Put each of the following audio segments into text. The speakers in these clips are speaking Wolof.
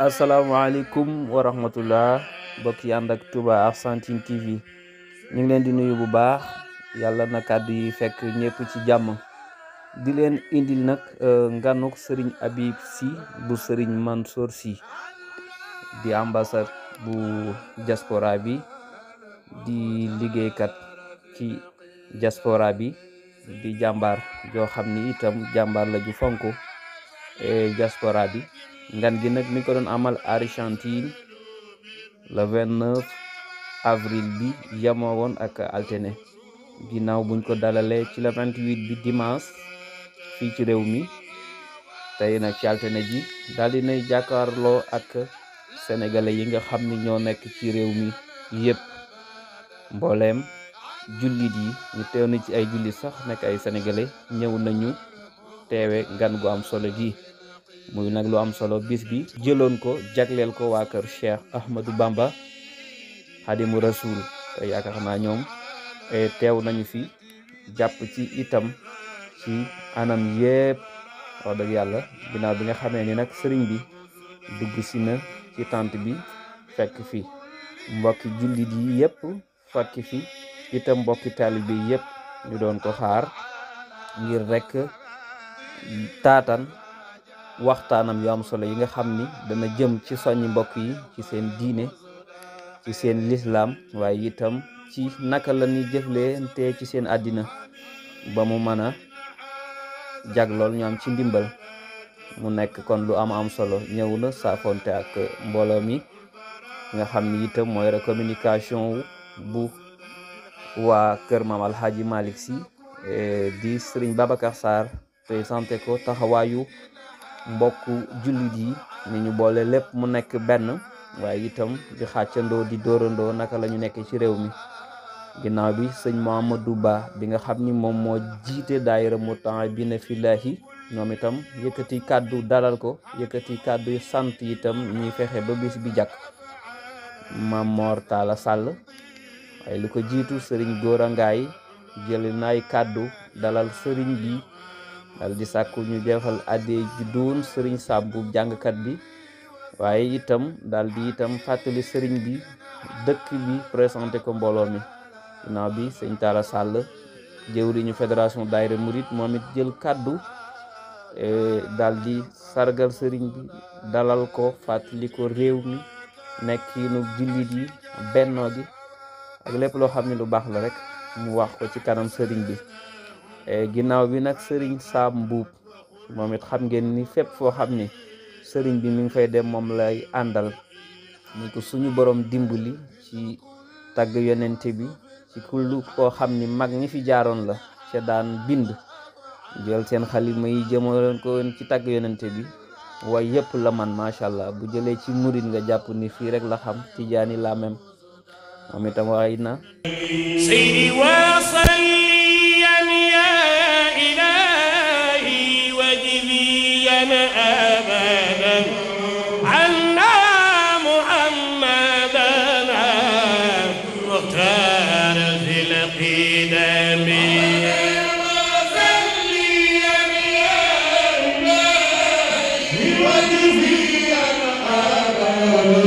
asalaamaaleykum wa rahmatullah mbokk yi ànd ak Touba Argentine TV ñu leen di nuyu bu baax yàlla na kàddu yi fekk ñëpp ci jàmm di leen indil nag euh, nganuk sëriñ Habib Sy bu Serigne Mansour Sy di ambassade bu diaspora bi di liggéeykat ci diaspora bi di jàmbaar joo xam ni itam jàmbaar la ju fonk eh, diaspora bi ngan gi nag mi ko doon amal Argentine le 29 avril bi yamoo woon ak altene ginnaaw buñ ko dalalee ci le 28 bi dimanche fii ci réew mi tey nag ci altene ji daal di nay jàkkaarloo ak sénégalais yi nga xam ni ñoo nekk ci réew mi yëpp mbooleem jullit yi ñu teew na ci ay julli sax nekk ay sénégalais ñëw nañu teewe ngan gu am solo gi muy nag lu am solo bis bi jëloon ko jagleel ko waa kër Cheikh Ahmadou Bamba Xadimu Rasul te yaakaar naa ñoom teew nañu fi jàpp ci itam ci anam yépp wax dëgg yàlla ginnaaw bi nga xamee ni nag sëriñ bi dugg si na ci tant bi fekk fi mbokki jullit yi yépp fekk fi itam mbokki taalibe yi yépp ñu doon ko xaar ngir rekk taatan waxtaanam yu am solo yi nga xam ni dana jëm ci soññ mbokk yi ci seen diine ci seen lislaam waaye itam ci naka la ñuy jëflante ci seen àddina ba mu mën a jaglool ñu am ci ndimbal mu nekk kon lu am am solo ñëw na saafonte ak mbooloo mi nga xam ni itam mooy communication bu waa kër Maam Alxaaji Malick Si eh, di Sëriñ Babacar Sarr santé ko taxawaayu mbokk jullit yi ni ñu boole lépp mu nekk benn waaye itam di xàccandoo di dóorandoo naka lañu ñu nekk ci réew mi ginnaaw bi sëñ Mamadou Ba bi nga xam ni moom moo jiite daayira Mutahabina Fillahi ñoom itam yëkkati kàddu dalal ko yëkkati kàddu sant itam ñuy fexe ba bis bi jàkk Maam Mor Talla waaye lu ko jiitu sëriñ Gora Ngaay jëli naay kàddu dalal sëriñ bi daal di sàkku ñu jefal addee ju doon sëriñ sàmbu jàngkat bi waaye itam daal di itam fàttali sëriñ bi dëkk bi présente ko mbooloo mi ginnaaw bi sëñ Talla Sall jëwriñu fédération daayira Mouride moom it jël kàddu e, daldi sargal sëriñ bi dalal ko fàttali ko réew mi nekk nekkinu jullit yi bennoo gi ak lépp loo xam ne lu baax la rek mu wax ko ci kanam sëriñ bi Eh, ginnaaw bi nag sëriñ Saam Mbuub moom it xam ngeen ni fépp foo xam ni sëriñ bi mi ngi fay dem moom lay àndal ni ko suñu borom dimbali ci tagg yonente bi ci kullu koo xam ni mag ñi fi jaaroon la ca daan bind jël seen xalima yi jëmaloon ko ci tagg yonente bi waaye yëpp la man macha allah bu jëlee ci murit nga jàpp ni fii rek la xam tijaani la même moom itam waay na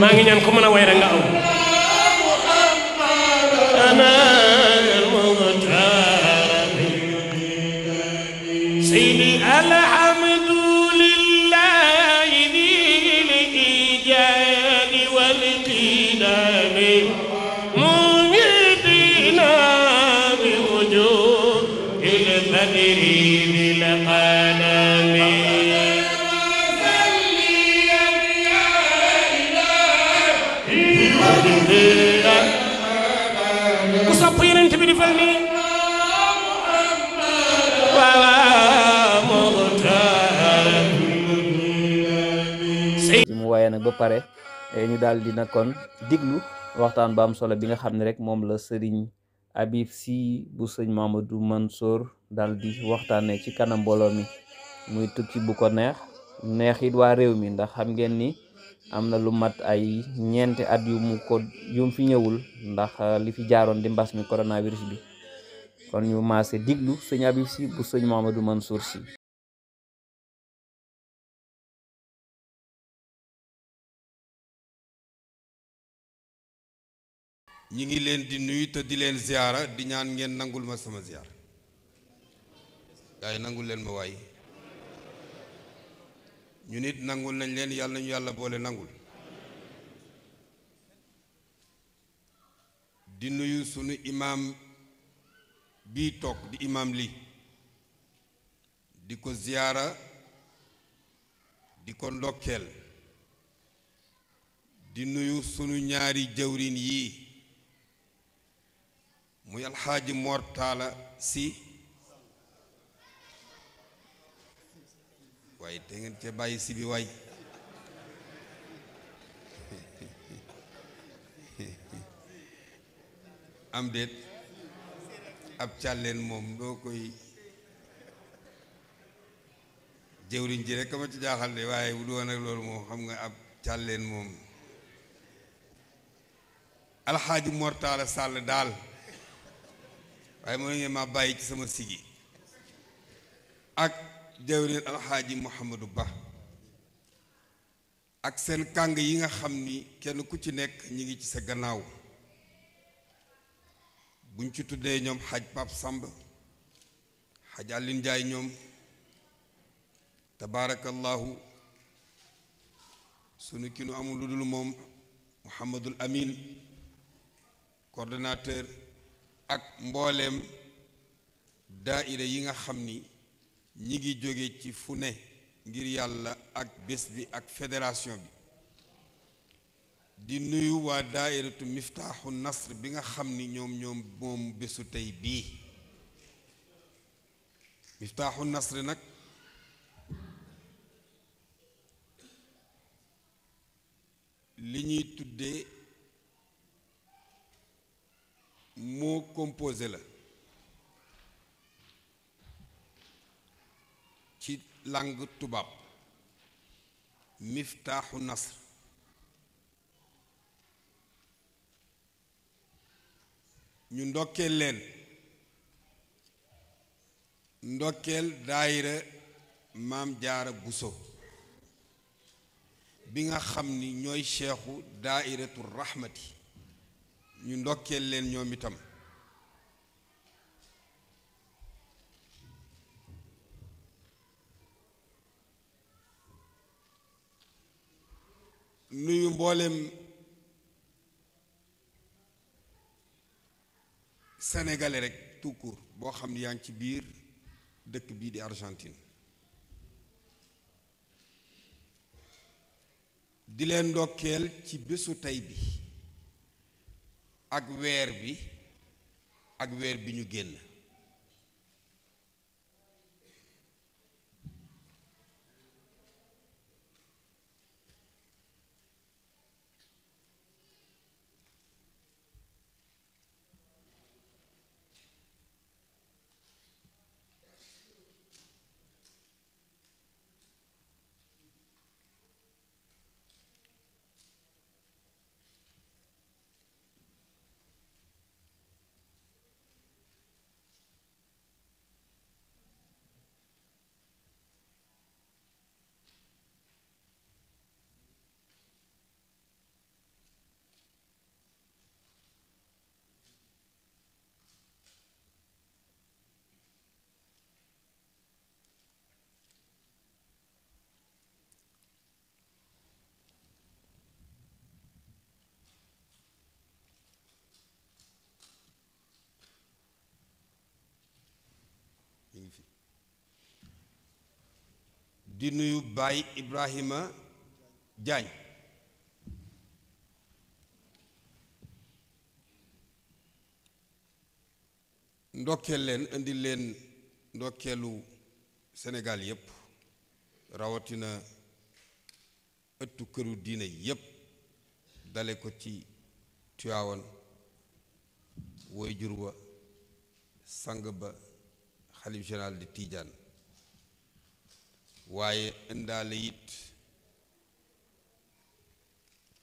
maa ngi ñaan ku mën a way rek nga aw pare eh, ñu daal di na kon diglu waxtaan ba am solo bi nga xam ne rek moom la sëriñ Habib si bu sëñ Mamadou Mansour daal di waxtaanee ci kanam mbooloo mi muy tukki bu ko neex neex it waa réew mi ndax xam ngeen ni am na lu mat ay ñeenti at yu ko yu fi ñëwul ndax eh, li fi jaaroon di mbas mi coronavirus bi kon ñu maase diglu sëñ Habib Sy bu sëñ Mamadou Mansour Sy ñi ngi leen di nuyu te di leen ziyaara di ñaan ngeen nangul ma sama ziyaar gaay nangul leen ma waay ñu nit nangul nañ leen yàlla nañu yàlla boole nangul di nuyu sunu imaam bi toog di imaam lii di ko ziyaara di ko ndokkeel di nuyu suñu ñaari jëwrin yii muy alxaaji mortaala si waaye te ngeen cee bàyyi si bi waay am déet ab càlleen moom doo koy jëwriñ ji rek ma ci jaaxal de waaye bu du woon ak loolu moom xam nga ab càlleen moom alxaaji mortaala sàll daal waaye mënu ngeen ma bàyyi ci sama sigi ak jawrin alxaaji Mouhamadou Ba ak seen kàng yi nga xam ni kenn ku ci nekk ñi ngi ci sa gannaaw buñ ci tuddee ñoom xaj Pap Samb xaj Alioune Ndiaye ñoom tabaarakallahu sunu ki nu amul lu dul moom Mouhamadul Amin coordonnateur ak mbooleem daaira yi nga xam ni ñi ngi jóge ci fu ne ngir yàlla ak bés bi ak fédération bi di nuyu waa daairatu miftaaxu nasr bi nga xam ni ñoom ñoom moom bésu tey bii miftaaxu nasr nag li ñuy tuddee composé la ci lang tubaab miftaaxu nasr ñu ndokkeel leen ndokkeel daayira maam jaara buso bi nga xam ni ñooy cheikhu daairatu rahmati ñu ndokkeel leen ñoom itam nuyu mboolem sénégalais rek tout boo xam ne yaa ngi ci biir dëkk bii di Argentine di leen ndokkeel ci bésu tey bi ak weer bi ak weer bi ñu génn di nuyu Baye Ibrahima Diagne ndokkeel leen indi leen ndokkeelu Sénégal yépp rawatina ëttu këru diine yépp dale ko ci Tiwaawan woy jur wa sang ba xalif général di Tiijaan waaye indaale it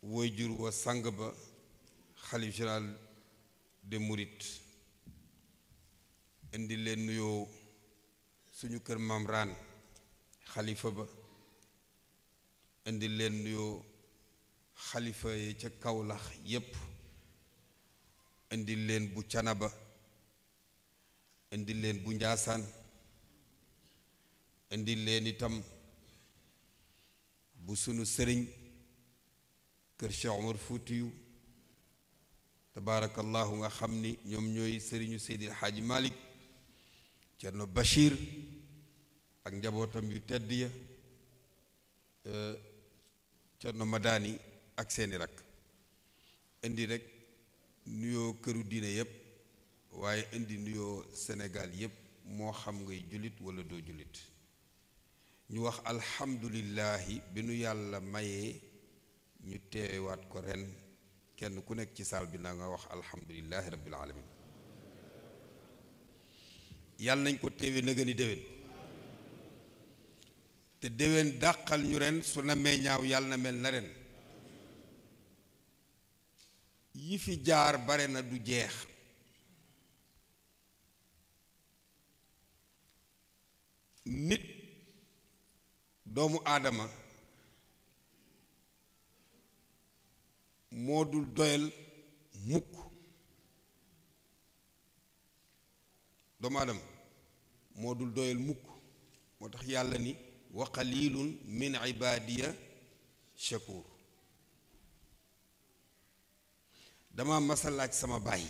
waajur ba xalif de Mouride indi leen suñu kër maam raan xalifa nuyoo xalifa yi ca kawlax yépp indi leen bu cana ba indi leen bu njaasaan indi leen itam bu sunu sëriñ kër Cheikh Omar Fuutiyu tabaarakallahu nga xam ni ñoom ñooy sëriñu Seydil Xaaji Malik Cerno Bachir ak njabootam yu tedd ya Cerno e, Madani ak seeni rak indi rek nuyoo këru diine yépp waaye indi nuyoo Sénégal yépp moo xam ngay jullit wala doo jullit ñu wax alhamdulillahi bi nu yàlla mayee ñu teewaat ko ren kenn ku nekk ci saal bi na wax alhamdulillahi rabbil alamin yàlla nañ ko teewee na gën déwén te déwén dàqal ñu ren su na mee yàlla mel na ren yi fi jaar bare na du jeex nit doomu aadama moo dul doyal mukk moo dul doyal mukk moo tax yàlla ni wa qalilun min ibadiya shakur dama masalaaj sama baay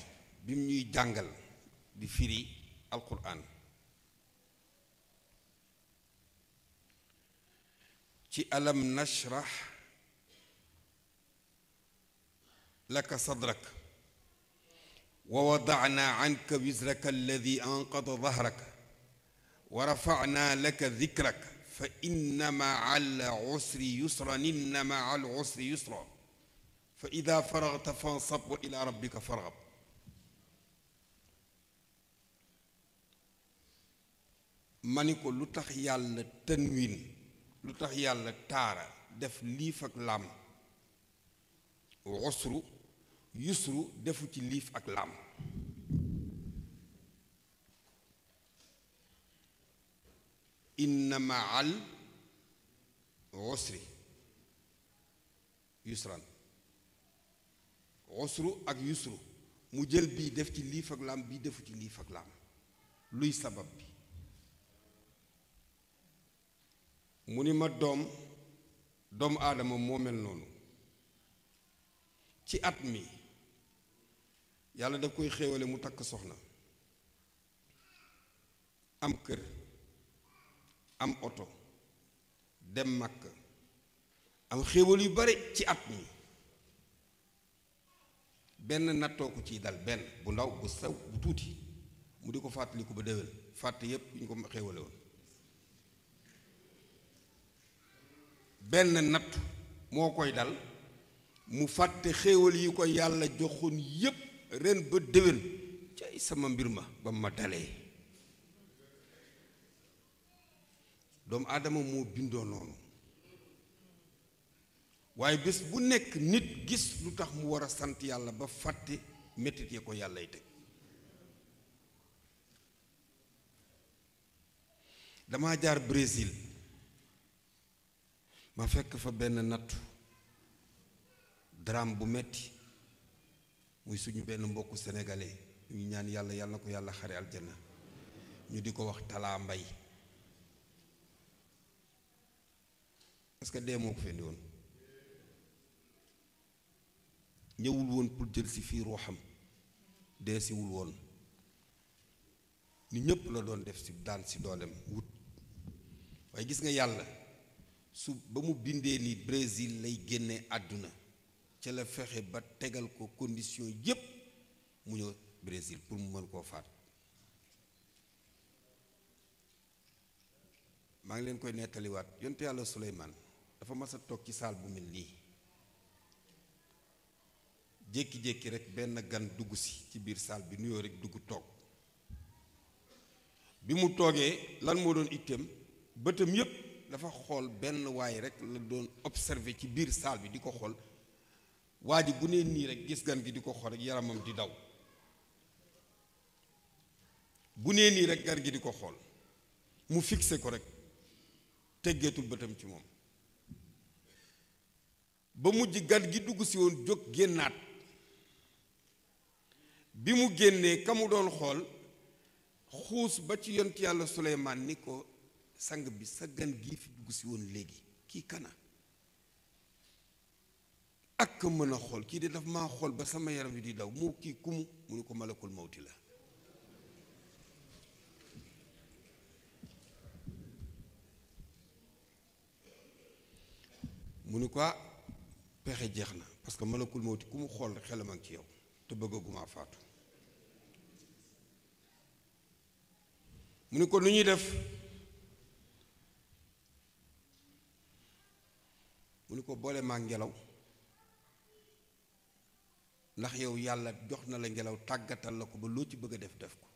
bi mu ñuy jàngal di firi alquran ci alam nashrah laka sadrak wa wadana anka wisraka alladi anqada dahrak wa rafana laka dikrak fa inna maa al usri yusran inna maa al usri yusra fa ida faragta fansab wa ila rabbika fargab ma ni ko lu tax yàlla tanwin lu tax yàlla taara def liif ak laam usru yusru defu ci liif ak laam inna maal usri yusran usru ak yusru mu jël bii def ci liif ak laam bii defu ci liif ak laam luy sabab bi mu ni ma doom doomu aadama moo mel noonu ci at mi yàlla daf koy xéewale mu takk soxna am kër am oto dem makk am xéewal yu bare ci at mi benn nattoo ko ciy dal benn bu ndaw bu sew bu tuuti mu di ko fàttaliku ba déwén fàtte yépp yu ñu ko xéewale benn natt moo koy dal mu fàtte xéewal yi ko yàlla joxoon yépp ren ba déwén cay sama mbir ma ba ma dalee doomu aadama moo bindoo noonu waaye bés bu nekk nit gis lu tax mu war a sant yàlla ba fàtte mettit ya ko yàllay teg dama jaar Brésil ma fekk fa benn nattu drame bu metti muy suñu benn mbokku sénégalais ñu ñaan yàlla yàlla na ko yàlla xare aljana ñu di ko wax Talla mbay parce que dee moo ko fendi ñëwul woon pour jël si fii ruuxam dee siwul woon ni ñépp la doon def si daan si dooleem wut waaye gis nga yàlla su ba mu bindee ni Brésil lay génne àdduna ca la fexe ba tegal ko condition yépp mu ñëw Brésil pour mu mën koo faat maa ngi leen koy nettaliwaat yonte yàlla Suleymaan dafa mas a toog ci saal bu mel nii jékki-jékki rek benn gan dugg si ci biir saal bi nuyoo rek dugg toog bi mu toogee lan moo doon itteem bëtam yépp dafa xool benn waay rekk la doon observé ci biir saal bi di ko xool waa ji bu nee nii rek gis gan gi di ko xool rek yaramam di daw bu nee nii rek gan gi di ko xool mu fixé ko rekk teggeetul bëtam ci moom ba mujj gan gi dugg si woon jóg génnaat bi mu génnee kamu doon xool xuus ba ci yont yàlla suleymaan ni ko sang bi sa gan gii fi dugg si woon léegi kii kana ak mën a xool kii de daf ma xool ba sama yaram yi di daw mu kii kumu mu ne ko malakul mawti la mu ne ko ah, pexe jeex na parce que malakul mawti ku mu xool xelam ak ci yow te bëggaguma faatu mu ne ko nu ñuy def mu ni ko boole maa ngelaw ndax yow yàlla jox na la ngelaw tàggatal la ko ba loo ci bëgg a def def ko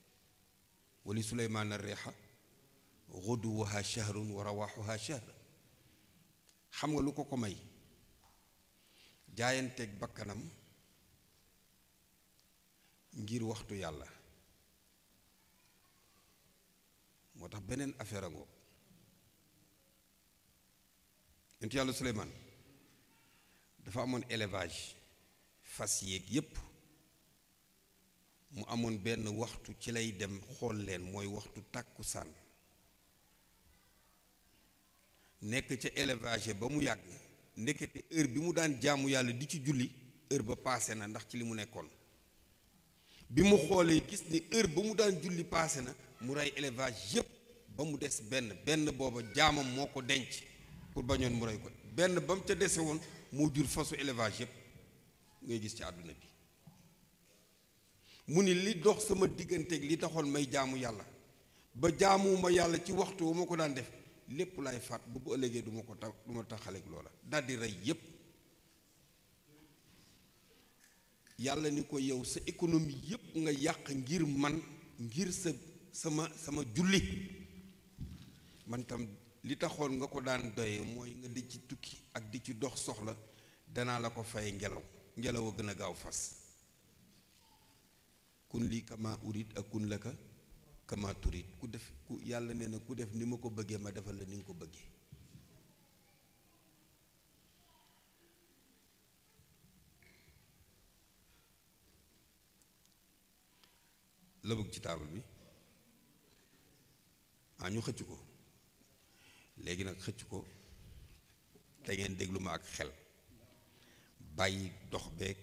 wali suleymaan a reexa xuduwaha shahrun wa rawaxuha shahr xam nga lu ko ko may jaayanteeg bakkanam ngir waxtu yàlla moo tax beneen affaire a ngoo yontu yàlla suleymaan dafa amoon élevage fas yéeg yépp mu amoon benn waxtu ci lay dem xool leen mooy waxtu tàkku tàkkusaan nekk ca élevage ba mu yàgg ndekete heure bi mu daan jaamu yàlla di ci julli heure ba paase na ndax ci li mu nekkoon bi mu xoolee gis ni heure ba mu daan julli paase na mu rey élevage yépp ba mu des benn benn booba jaamam moo ko denc pour bañoon mu rey ko benn ba mu ca dese woon moo jur fasu élevage yëpp ngay gis ci àdduna bi mu ni li dox sama digganteeg li taxoon may jaamu yàlla ba jaamuwuma yàlla ci waxtu wu ma ko daan def lépp laay faat bu bu ëllëgee duma ko tax du ma taxaleeg loola daldi rey yépp yàlla ni ko yow sa économie yépp nga yàq ngir man ngir sa sama sama julli man tam li taxoon nga ko daan doye mooy nga di ci tukki ak di ci dox soxla danaa la ko fay ngelaw ngelaw a gën a gaaw fas kun lii kama urit ak kun la ka kama ku def ku yàlla nee na ku def ni ma ko bëggee ma defal la ni nga ko bëggee la ci taabal bi ah ñu xëcc ko léegi nag xëcc ko da ngeen déglu ma ak xel bàyyi dox beek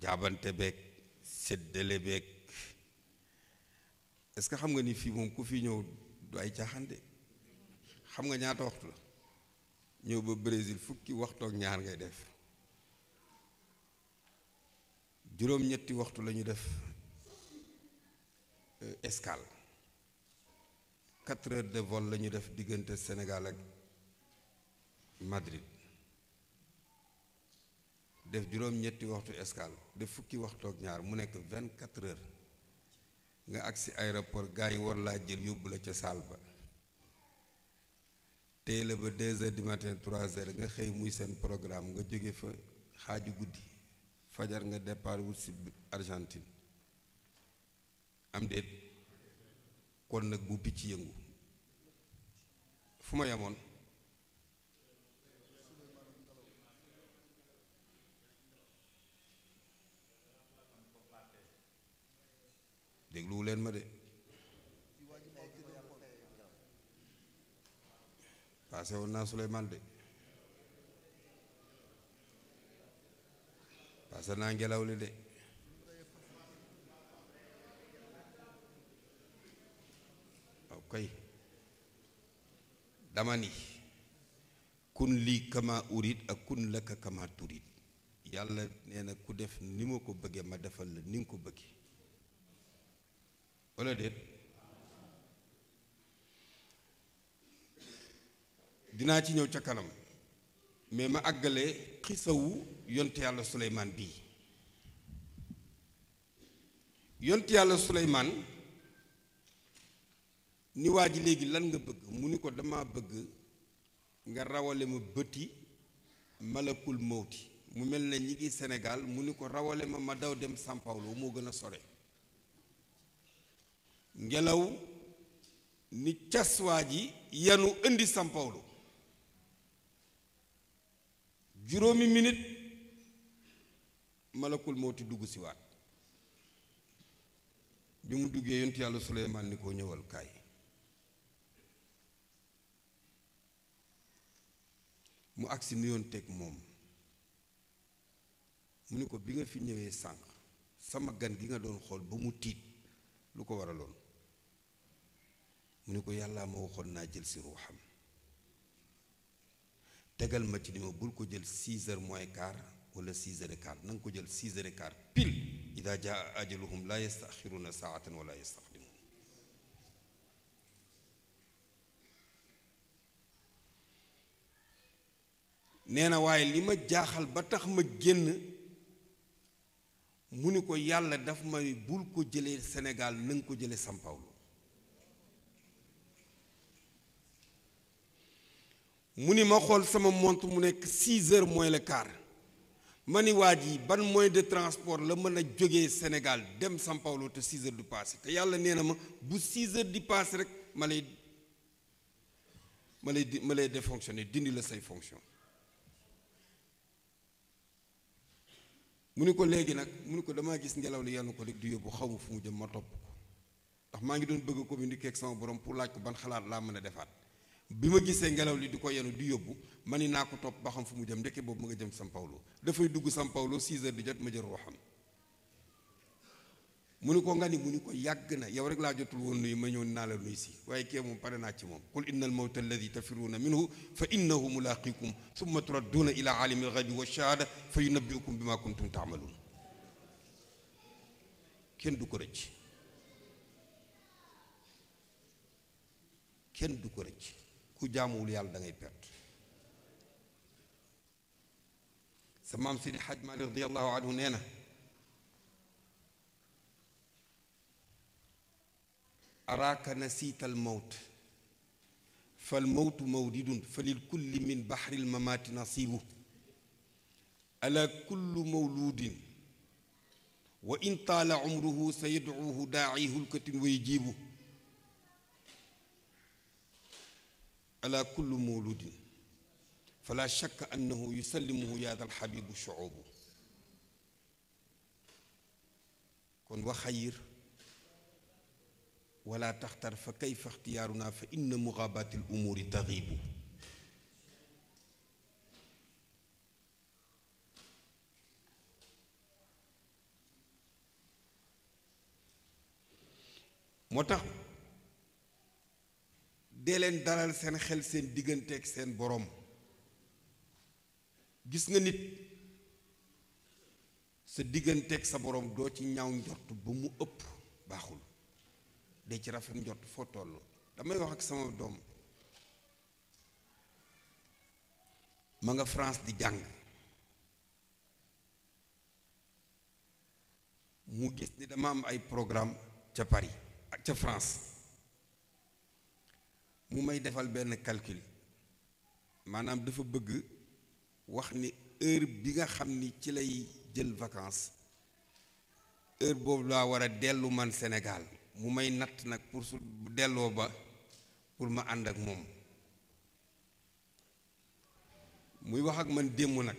jaabante beek séddale beeg est-ce que xam nga ni fii moom ku fi ñëw du ay caaxaande xam nga ñaata waxtu la ñëw ba Brésil fukki waxtu ñaar ngay def juróom-ñetti waxtu la ñu def euh, escale quatre heures de vol la ñu def diggante Sénégal ak Madrid def juróom-ñetti waxtu escale def fukki waxtook ñaar mu nekk vingt quatre heures nga agsi aéroport gars yi war laa jël yóbbu la ca saal ba tey ba deux heures du matin trois heures nga xëy muy seen programme nga jóge fa xaaju guddi fajar nga départ wut si Argentine am déet kon nag bu picc yëngu fu ma yemoon dégluwu leen ma de paase woon naa Souleymane de paase naa ngelaw li de waaw kay dama ni kun lii kama urit ak kun laka kama turit yàlla nee na ku def ni ma ko bëggee ma defal la ni nga ko bëggee wala déet dinaa ci ñëw ca kanam mais ma àggale xisawu yonte yàlla suleymaan bii yonte yàlla suleymaan ni waa ji léegi lan nga bëgg mu ni ko dama bëgg nga rawale ma bëti malakul mawti mu mel ne ñi ngi Sénégal mu ni ko rawale ma ma daw dem São Paulo moo gën a sore ngelaw ni caswaa ji yanu indi São Paulo juróomi minit malakul mawti dugg si waat bi mu duggee yontu yàlla Suleymaan ni ko ñëwal kaay mu agsi nuyoon teg moom mu ni ko bi nga fi ñëwee sànq sama gan gi nga doon xool ba mu tiit lu ko waraloon mu ne ko yàllaa ma waxoon naa jël si ruuxam tegal ma ci ni ma bul ko jël six heures moins quart wala six heures et nanga ko jël six heures et quart pile ida jaa ajaluhum laa yastaxiruuna saatan wala yastaqdimuun nee na waaye li ma jaaxal ba tax ma génn mu ni ko yàlla daf may bul ko jëlee senegal na nga ko jëlee São Paulo mu ni ma xool sama montre mu nekk 6 heures moins le quart ma ni waa ji ban moyen de transport la mën a jógee Sénégal dem São Paulo te 6 heures du passé te yàlla nee na ma bu 6 heures di passé rek ma lay ma lay ma lay dindi la say fonction mu ni ko léegi nag mu ni ko damaa gis ngelaw li yàlla ko rek di yóbbu xaw ma fu mu jëm ma topp ko ndax maa ngi doon bëgg a communiquer ak sama borom pour laaj ko ban xalaat laa mën a defaat. bi ma gisee ngelaw li di ko yenu di yóbbu ma ni naa ko topp ba xam fu mu jëm ndekke boobu mu nga jëm São Paulo dafay dugg São Paulo 6 di jot ma jël ruuxam mu ni ko nga ni mu ni ko yàgg na yow rek laa jotul woon nuyu ma ñëw naa la nuyu si waaye kee moom pare naa ci moom qul inna al mawta alladi tafiruuna minhu fa innahu mulaqikum summa turadduuna ila alimi alxaybi wa shahaada fa yunabbiukum bima kuntum taamaluun kenn du ko rëcc kenn du ko rëcc ku jaamuwul yàlla da ngay perte sa maam Sidi Xaj Maalik radiallahu anhu nee na araaka nasiita almawt fal mawtu mawdidun fa lil kulli min baxri almamaati nasiibu ala kullu mawluudin wa in taala umruhu sa yadcuuhu daaciihu lkatin wa yujiibu ala kulli mawludin fala shakka annahu yusallimuhu yaadal xabibu shuubu kon wa xayir wala taxtar fa kayfa ixtiyaaruna fa inna mugaabati al umuuri taxiibu moo tax dee leen dalal seen xel seen digganteeg seen boroom gis nga nit sa digganteeg sa boroom doo ci ñaw njort ba mu ëpp baaxul de ci rafet njort foo toll damay wax ak sama doom ma nga France di jàng mu gis ni dama am ay programme ca Paris ak ca France mu may defal benn calcul maanaam dafa bëgg wax ni heure bi nga xam ni ci lay jël vacances heure boobu laa war a dellu man Sénégal mu may natt nag pour su delloo ba pour ma ànd ak moom muy wax ak man démb nag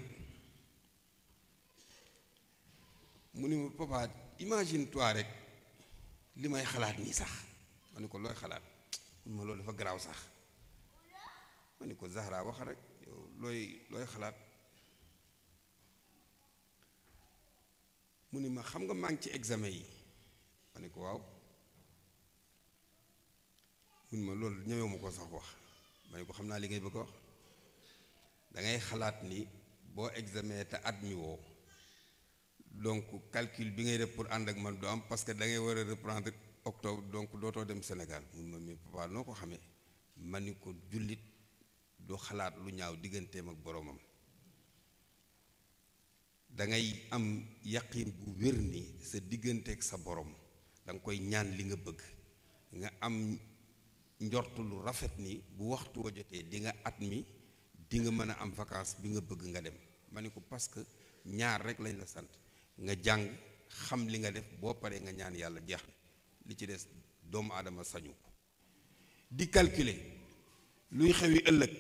mu ni ma papa imagine toi rek li may xalaat nii sax ma ne ko looy xalaat ma loolu dafa garaaw sax ma ni ko Zahra wax rek yow looy looy xalaat mu ni ma xam nga maa ngi ci examen yi ma ni ko waaw mu ma loolu ñëwee ko sax wax ma ni ko xam naa li ngay bëgg a wax dangay xalaat ni boo examen te admis woo donc calcul bi ngay def pour ànd ak man du am parce que da ngay war a reprendre octobre donc dootoo dem Sénégal mun ma mi papa noo ko xamee man ni ko jullit du xalaat lu ñaaw digganteem ak boroomam dangay am yaqin bu wér ni sa diggante ak sa borom da nga koy ñaan li nga bëgg nga am njort lu rafet ni bu waxtu wa jotee di nga at mi di nga mën a am vacance bi nga bëgg nga dem ma ni ko parce que ñaar rek lañ la sant nga jàng xam li nga def boo paree nga ñaan yàlla jeex na li ci des doomu aadama sañu di calculer luy xewi ëllëg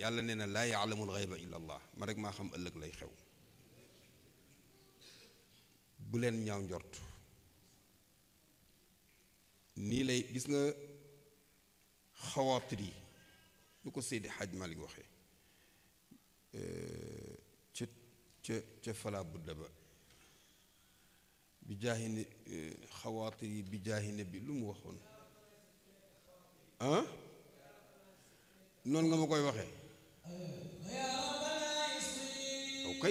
yàlla nee na laa yaalamul xayba illa allah ma rek maa xam ëllëg lay xew buleen leen ñaaw njort nii lay gis nga xawaatir yi lu ko Seydi Xaaj Malik waxee euh, ca ca ca falaa ba bi jaahi ne e, xawaatir yi bi jaahi ne bi lu mu waxoon ah noonu nga ma koy waxee ok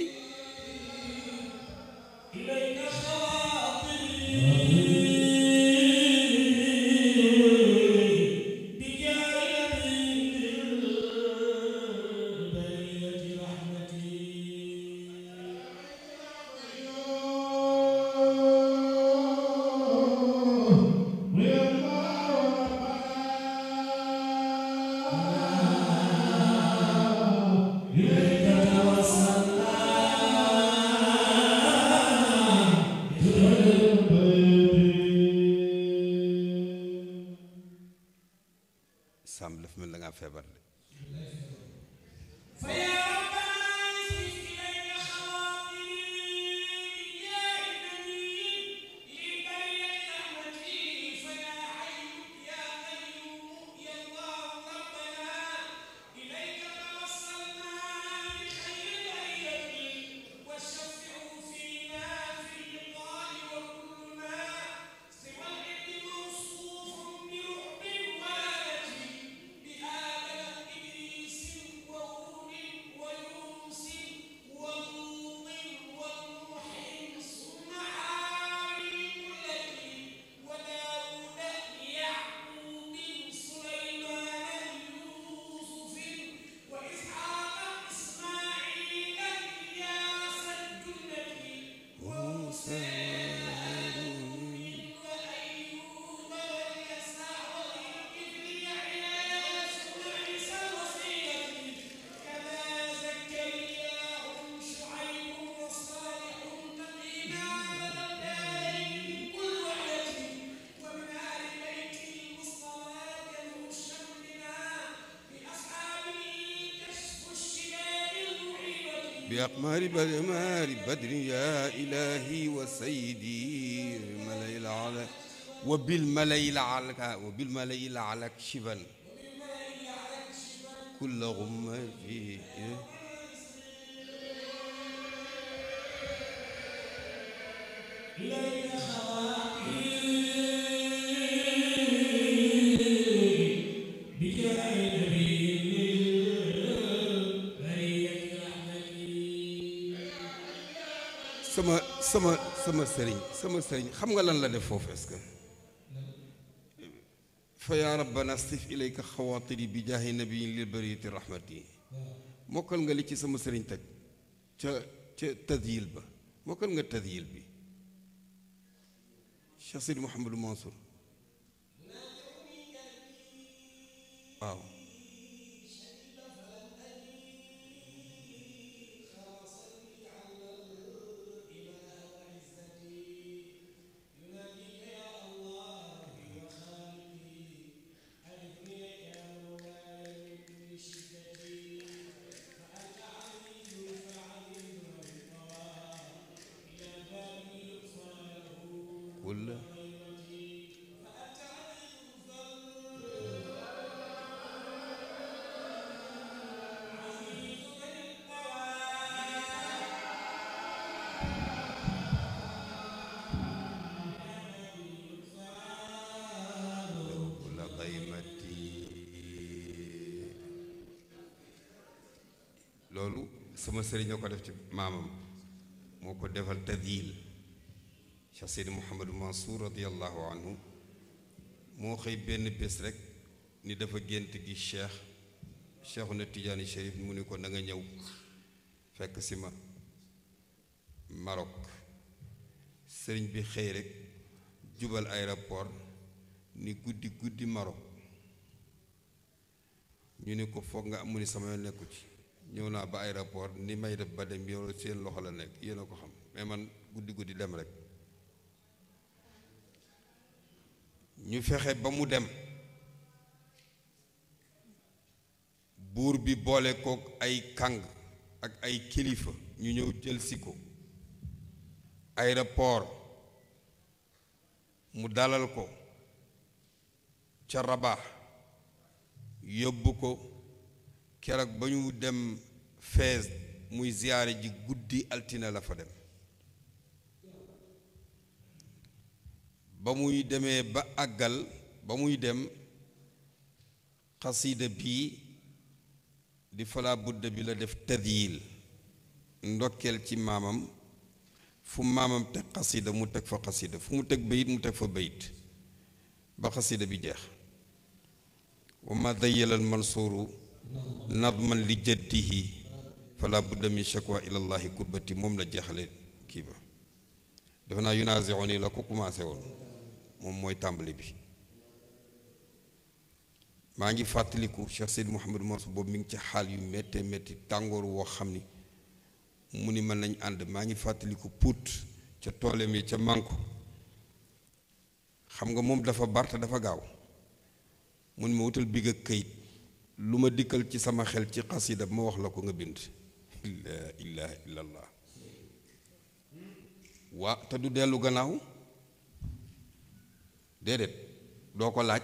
أقمار بأقمار بدر يا إلهي وسيدي ملئ العلا وبالملئ العلا وبالملئ العلا كشفا كل غمة فيه sëriñ sama sëriñ xam nga lan la def foofu est-ce que fa yaa rabbana stif ilayka xawaatiri bi jaahi nabiyin lil bariyati rahmati mokkal nga li ci sama sëriñ teg ca ca tadyil ba mokkal nga tadyil bi Cheikh Sidi Mouhamadou Mansour waaw sama sëriñ ñoo ko def ci maamam moo ko defal tadil Cheikh Seydi Mouhamadou Mansour radiallahu anhu moo xëy benn bés rekk ni dafa gént gi cheikh Cheikhuna Tidiane Chérif mu ni ko nanga nga ñëw fekk si ma Maroc sëriñ bi xëy rek jubal aéroport ni guddi guddi Maroc ñu ni ko foog nga amu ni sama nekku ci ñëw naa ba aéroport ni may def ba dem yow seen loxo la nekk yéen a ko xam mais man guddi guddi dem rek ñu fexe ba mu dem buur bi boole kook ay kàng ak ay kilifa ñu ñëw jël si ko aéroport mu dalal ko ca Rabat yóbbu ko keroog ba ñu dem fees muy ziyaare ji guddi altine la fa dem ba muy demee ba àggal ba muy dem xasida bii di fala budda bi la def tadyil ndokkeel ci maamam fu maamam teg xasida mu teg fa xasida fu mu teg bayit mu teg fa bayit ba xasida bi jeex wa ma dayalal nadman li di fala budda min shakwa ila llahi kurbati moom la jeexale kii ba defe naa yunaziuni la ko commencé woon moom mooy tàmbali bi maa ngi fàttaliku Cheikh Seyd Mouhamadou Mansour boobu mi ngi ci xaal yu méttee métti tàngoor woo xam ni mu ni mën nañ ànd maa ngi fàttaliku puut ca tooleem yi ca mànko xam nga moom dafa barte dafa gaaw mun ma wutal big ak këyit lu ma dikkal ci sama xel ci xasida ma wax la ko nga bind laa ilaha illa allah waa te du dellu gannaaw déedéet doo ko laaj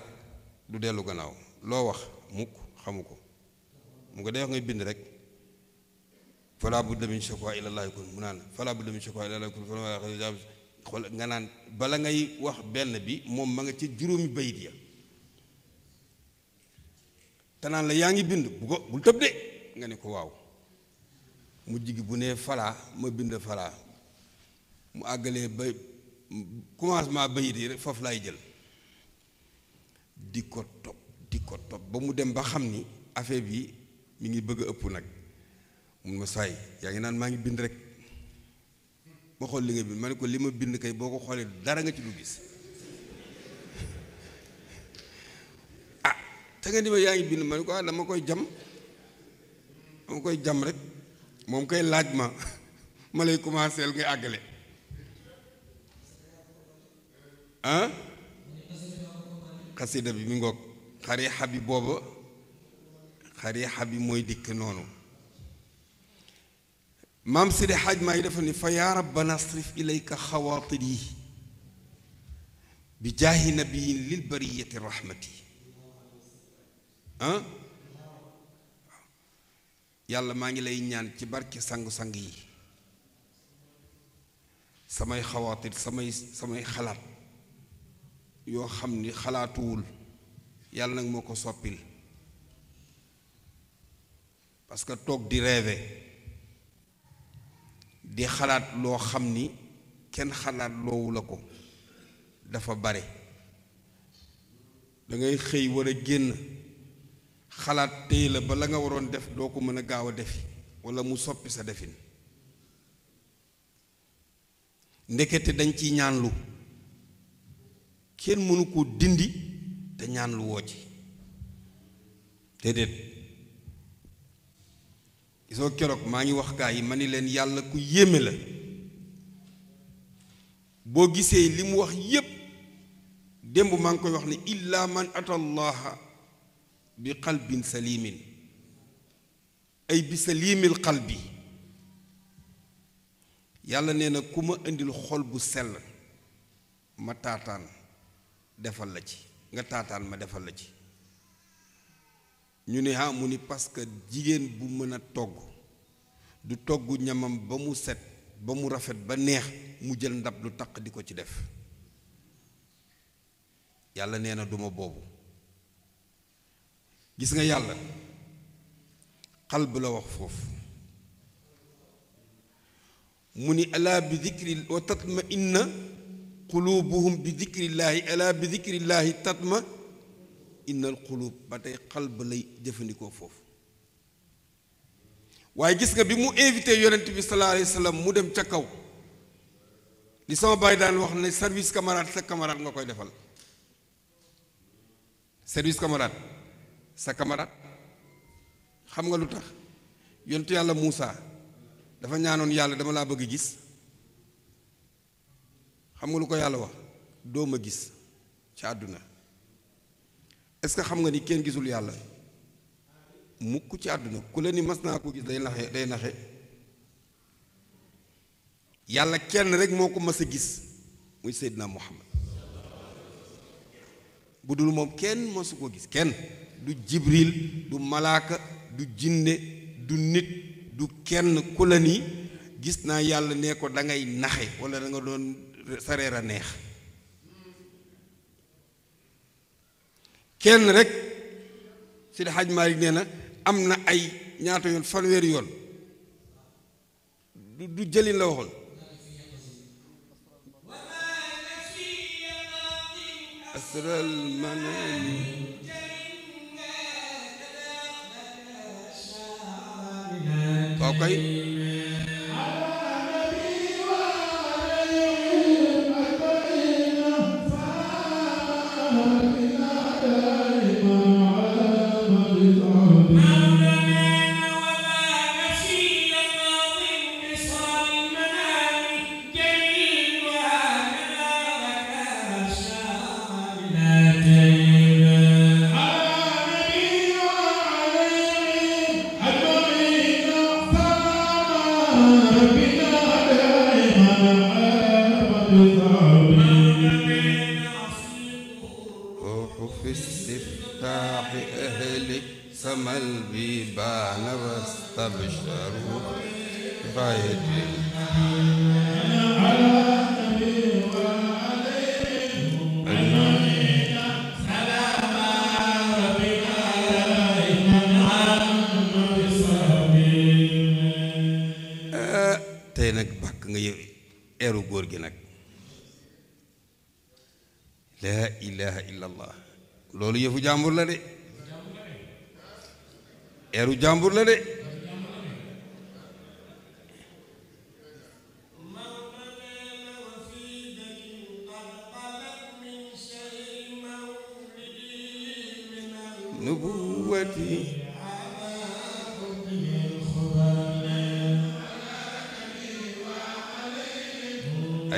du dellu gannaaw loo wax mukk xamu ko mu nga day wax ngay bind rek fala budda min shakwa ilallahi kun mu naan fala budda min shakwa ilallahi kun xool nga naan bala ngay wax benn bi moom ma nga ca juróomi bayit ya te la yaa ngi bind bu ko bul tëb de nga ne ko waaw mu jig bu nee falaa ma bind falaa mu àggalee ba commencement bayit yi rek foofu laay jël di ko topp di ko topp ba mu dem ba xam ni affaire bi mu ngi bëgg a ëpp nag mun ma saay yaa ngi naan maa ngi bind rek ma xool li nga bind ma ne ko li ma bind kay boo ko xoolee dara nga ci du gis te nga ni ma yaa ngi bind ma ne ko ah, dama koy jam dama koy jam rek moom koy laaj ma ma lay commencer nga àggale ah xasida bi mi ngoog xarixa bi booba xarixa bi mooy dikk noonu maam sidi xaaj maa yi dafa ni fa yaa rabbana asrif ilayka xawaatir yi bi jaahi nabiyin lil bariyati rahmati ah yàlla maa ngi lay ñaan ci barke sang sang yi samay xawaatir samay samay xalaat yoo xam ni xalaatuwul yàlla nag moo ko soppil parce que toog di rêver di xalaat loo xam ni kenn xalaat loowu la ko dafa bare da xëy war a génn xalaat téye la ba la nga waroon def doo ko mën a gaaw a defi wala mu soppi sa defin ndekete dañ ciy ñaanlu kenn mënu ko dindi te ñaanlu woo ci déedéet gisoo keroog maa ngi wax gaa yi ma ni leen yàlla ku yéeme la boo gisee li mu wax yépp démb maa ngi koy wax ne illa man ata allaha bi qalbin salimin ay bi salimil qalbi yàlla nee na ku ma indil xol bu sell ma taataan defal la ci nga taataan ma defal la ci ñu ne ah mu ni parce que jigéen bu mën a togg du toggu ñamam ba mu set ba mu rafet ba neex mu jël ndab lu taq di ko ci def yàlla nee na duma boobu gis nga yàlla xal bu la wax foofu mu ni alaa bi dikri wa tatma inna qulubuhum bi dikrillaahi alaa bi dikrillaahi tatma inna al ba tey xal ba lay jëfandikoo foofu waaye gis nga bi mu invité yonent bi sallallahu alayhi wa mu dem ca kaw li sama bàyyi daan wax ne service camarade sa camarade nga koy defal service camarade sa camarade xam nga lu tax yontu yàlla Moussa dafa ñaanoon yàlla dama laa bëgg gis xam nga lu ko yàlla wax doo ma gis ci àdduna est-ce que xam nga ni kenn gisul yàlla mukk ci àdduna ku la ni mas naa ko gis day naxe day naxe yàlla kenn rek moo ko mas a gis muy Seydina Muhammad bu dul moom kenn mësu koo gis kenn du jibril du malaaka du jinne du nit du kenn ku la ni gis naa yàlla ne ko dangay naxe wala danga doon sareer a neex kenn rek Seydi Hajji Maalik nee na am na ay ñaata yoon fanweeri yoon du du jëlin la waxoon ستر المنام kookoy illallah loolu yëfu jàmbur la de eeru jàmbur la de nubuwati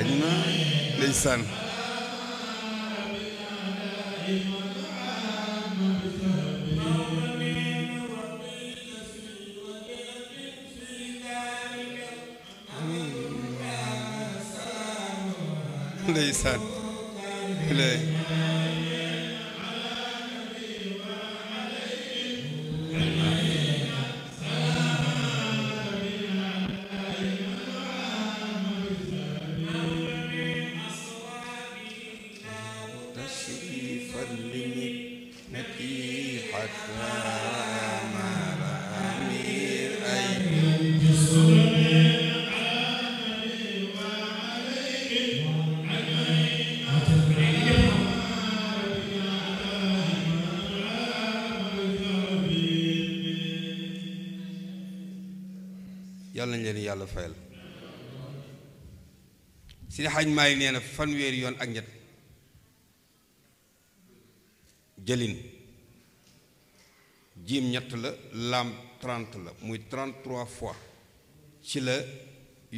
ajma ndeysaan xañ maali nee na fanweeri yoon ak ñett jëlin jiim ñett la laam trente la muy trente trois fois ci la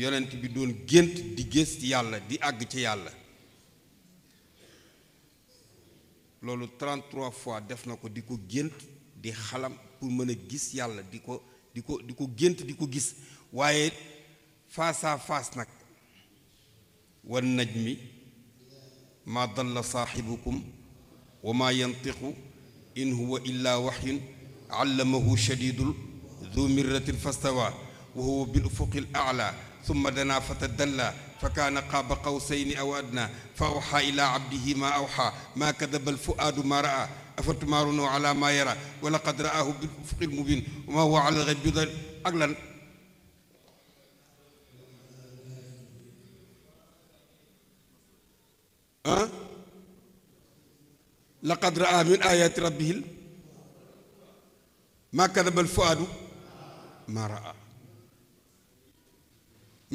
yonent bi doon gént di gés yàlla di àgg ci yàlla loolu 33 fois def na ko di ko gént di xalam pour mën a gis yàlla di ko di ko di ko gént di ko gis waaye face à nag wan najmi maa dalla saaxibukum wa maa yantiqu in huwa illa waxyun allamahu shadidul du mirratin fastawa wa huwa bil ufuqil a'la summa danaa fatadalla fa kaana qaaba qawsayni aw adna fa awxaa ilaa abdihi maa awxaa maa kadaba alfuaadu maa raa afatumaarunahu ala maa yara wa laqad ra'aahu bil ufuqil mubin wa maa huwa ala alghaybi ak lan ah laqad raa min ayaati rabbihil ma kadaba alfuaadu ma raa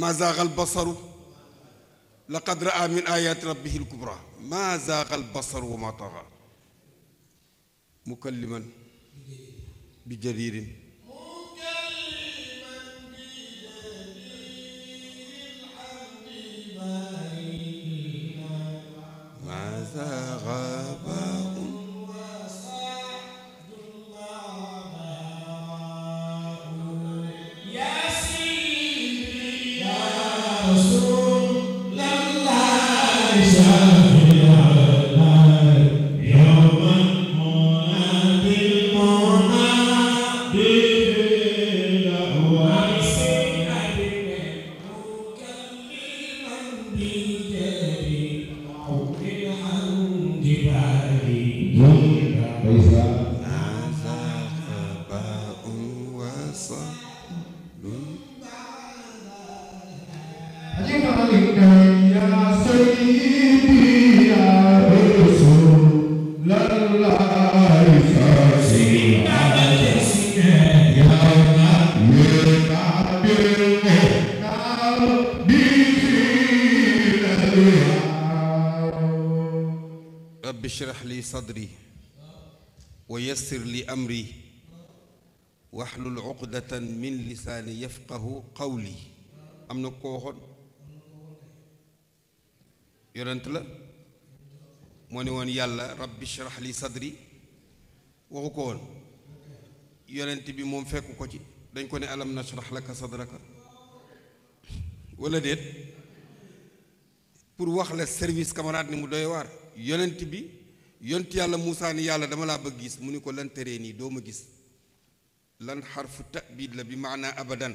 ma zaaqa albasaru laqad raa min ayaati rabbihi alkubra ma zaaqa albasaru wa ma taxa mukalliman bi jariirin mukalliman bi jariirin عذاب yassir li amri waxlul uqdatan min lisaani yafqahu qawli am na ko waxoon yonent la moo ne woon yàlla rabbi shrah li sadri waxu ko woon yonent bi moom fekk ko ci dañ ko ne alam nashrah laka sadraka wala déet pour wax la service camarade ni mu doy waar yonent bi yont yàlla Moussa ni yàlla dama laa bëgg gis mu ni ko lan teree nii doo gis lan xarfu tabiid la bi maanaa abadan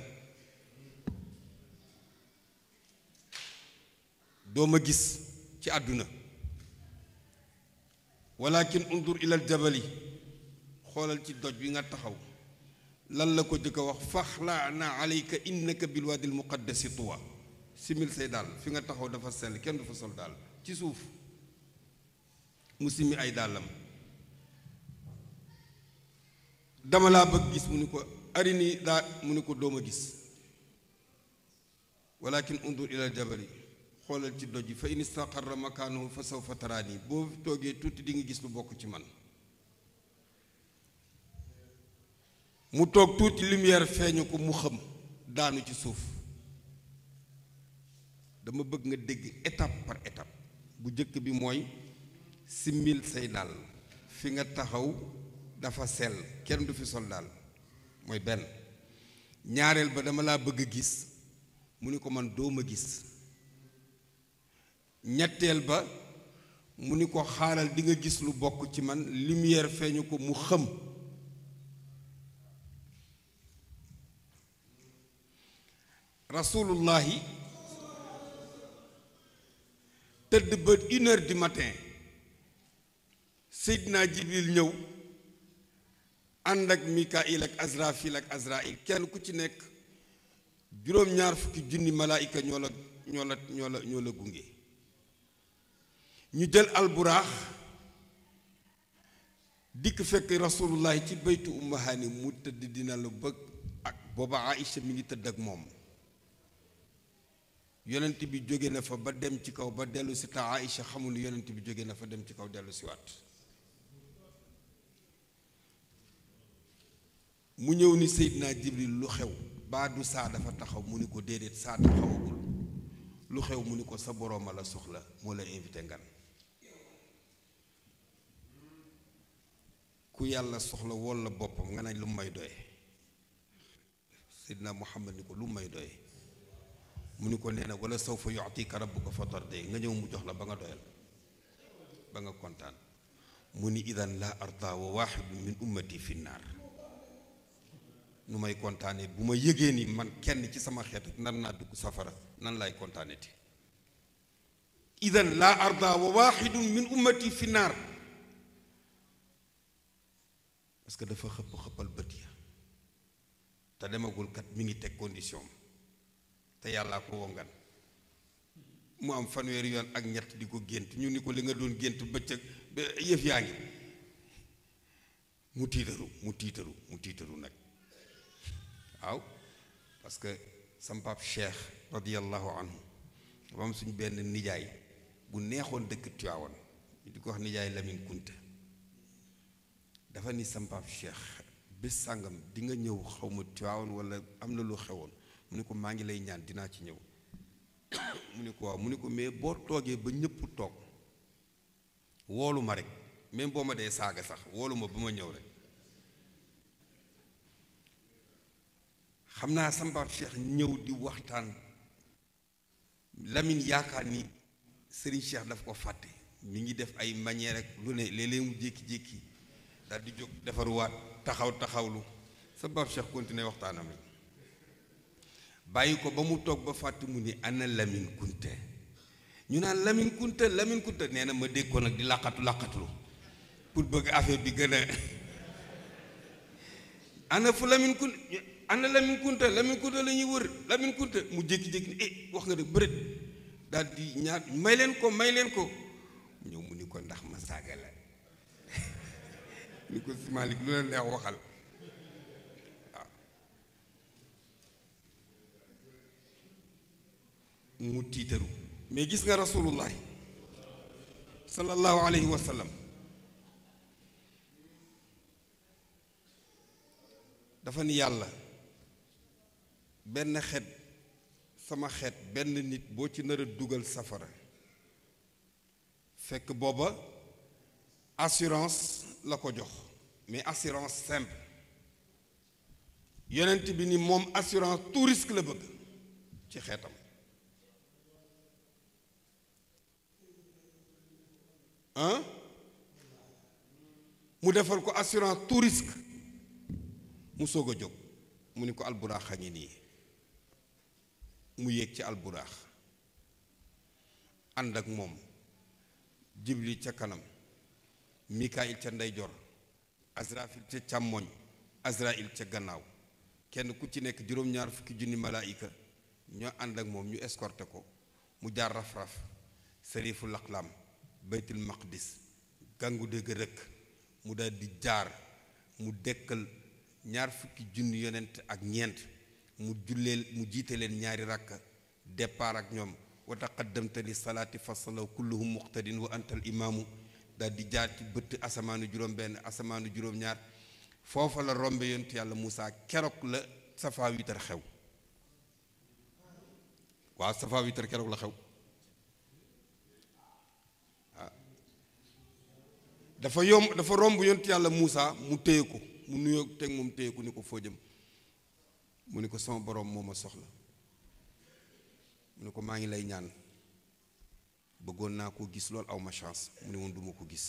doo ma gis ci àdduna walakin undur ilal jabali xoolal ci doj bi nga taxaw lan la ko jëkk a wax faxlaa na alayka innaka bilwaadil muqaddasi tuwa simil say daal fi nga taxaw dafa sell kenn du fa sol daal ci suuf mu simmi ay dàllam dama laa bëgg gis mu ni ko arini daa mu ni ko dooma gis walakin undur ilal jabari xoolal ci doj fa in istaqarra makaanahu fa sawfa taraani boo toogee tuuti di nga gis lu bokk ci man mu toog tuuti lumière feeñu ko mu xëm daanu ci suuf dama bëgg nga dégg étape par étape bu jëkk bi mooy simmil say dàll fi nga taxaw dafa sell kenn du fi sol daal mooy benn ñaareel ba dama laa bëgg a gis mu ni ko man doo a gis ñetteel ba mu ni ko xaaral dinga gis lu bokk ci man lumière feeñu ko mu xëm rasulullahi tëdd ba une heure matin naa jibril ñëw ànd ak mikail ak azrafil ak azrail kenn ku ci nekk juróom-ñaar fukki junni malaayika ñoo la ñoo la ñoo la gunge ñu jël alburaax dikk fekk rasulullahi ci baytu ummahani mu tëdd dina la bëgg ak booba aïcha mi ngi tëdd ak moom yonent bi jóge na fa ba dem ci kaw ba dellu si te aïcha xamul yonent bi jóge na fa dem ci kaw dellu si waat mu ñëw ni Seydina Jibril lu xew baa du saa dafa taxaw mu ni ko déedéet saa taxawagul lu xew mu ni ko sa boroom a soxla moo la invité ngan ku yàlla soxla wol la boppam nga ne lu may doy Seydina Muhammad ni ko lu may doy mu ni ko nee na wala saw fa yu'tika rabbuka fatarda nga ñëw mu jox la ba nga doyal ba nga kontaan mu ni idan laa arda wa waaxidun min ummati fi nu may kontaanee bu ma yëgee nii man kenn ci sama xeet nan naa dugg safara nan laay kontaanete idan laa arda wa waxidun min ummati fi naar parce que dafa xëpp xëppal bët ya te demagul kat mu ngi teg condition te yàllaa ko wongan mu am fanweeri yoon ak ñett di ko gént ñu ni ko li nga doon gént bëccëg yëf yaa ngi mu mu tiitaru mu tiitaru nag waaw parce que sam cheikh radiallahu anhu dafa am suñu benn nijaay bu neexoon dëkk Tiwaawan di ko wax nijaay Lamine Kunta dafa ni sam pap cheikh bés sàngam di nga ñëw xawma Tiwaawan walla am na lu xewoon mu ne ko maa ngi lay ñaan dinaa ci ñëw mu ne ko waaw mu ne ko mais boo toogee ba ñëpp toog woolu ma rek même boo ma dee saaga sax woolu ma ba ma ñëw rek xam naa Samba Cheikh ñëw di waxtaan Lamine yaakaar ni Serigne Cheikh daf ko fàtte mu ngi def ay manière ak lu ne léeg-léeg mu jékki-jékki dal di jóg defaruwaat taxaw taxawlu Samba Cheikh continué waxtaanam rek bàyyi ko ba mu toog ba fàtte mu ni ana Lamine Kunte ñu naan Lamine Kunte Lamine Kunte nee na ma dégg ko nag di làqatu làqatulu pour bëgg affaire bi gën ana fu Lamine Kunte ana Lamine Kunta Lamine la ñuy wër Lamine Kunta mu jékki-jékki ne eh wax nga de bërët daal ñaar may leen ko may leen ko ñëw mu ni ko ndax ma saaga la ni ko si Malick lu la neex waxal mu tiitaru mais gis nga rasulullahi sallallahu alayhi wa sallam dafa ni yàlla benn xeet sama xeet benn nit boo ci nar dugal safara fekk booba assurance la ko jox mais assurance simple yenent bi ni moom assurance tout risque la bëgg ci xeetam ah mu defal ko assurance tout risque mu soog a jóg mu ni ko alburaax a nii mu yéeg ci alburaax ànd ak moom jibril ca kanam mikaayil ca ndeyjoor asrafil ca càmmooñ azrail ca gannaaw kenn ku ci nekk juróom-ñaar fukki junni malaayika ñoo ànd ak moom ñu escorté ko mu jaar raf-raf sarifu laqlaam baytul maqdis gàngu dëgg rëkk mu daldi jaar mu dekkal ñaar fukki junni yonent ak ñeent mu julleel mu jiite leen ñaari ràkk départ ak ñoom wa taqaddamta li salaati fasalaw kulluhum muqtadin wa antal imaamu dal di jaar ci bëtt asamaanu juróom-benn asamaanu juróom-ñaar foofa la rombe yontu yàlla Moussa keroog la safaa witar xew waaw safaa witar keroog la xew dafa yomb dafa romb yontu yàlla Moussa mu téye ko mu nuyoo teg moom téye ko ni ko foo jëm mu ne ko sama boroom moo ma soxla mu ne ko maa ngi lay ñaan bëggoon naa koo gis lool aw ma chance mu ne woon duma ko gis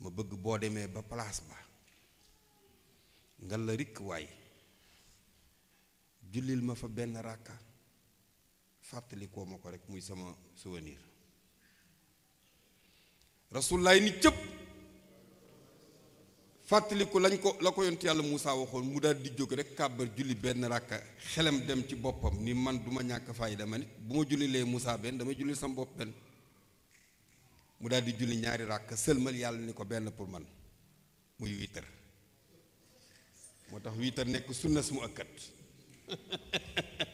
ma bëgg boo demee ba palaas ba nga la rikk waay jullil ma fa benn ràkka fàttalikoo ma ko rek muy sama souvenir rasulaay ni cëpp fàttaliku lañ ko la ko yont yàlla Moussa waxoon mu daal di jóg rek kàbbar julli benn rakka xelam dem ci boppam ni man duma ñàkk fay dama nit bu ma julli lee Moussa benn damay julli sam bopp mu daal di julli ñaari rakk sëlmal yàlla ni ko benn pour man muy wiitar moo tax wiitar nekk su su mu ëkkat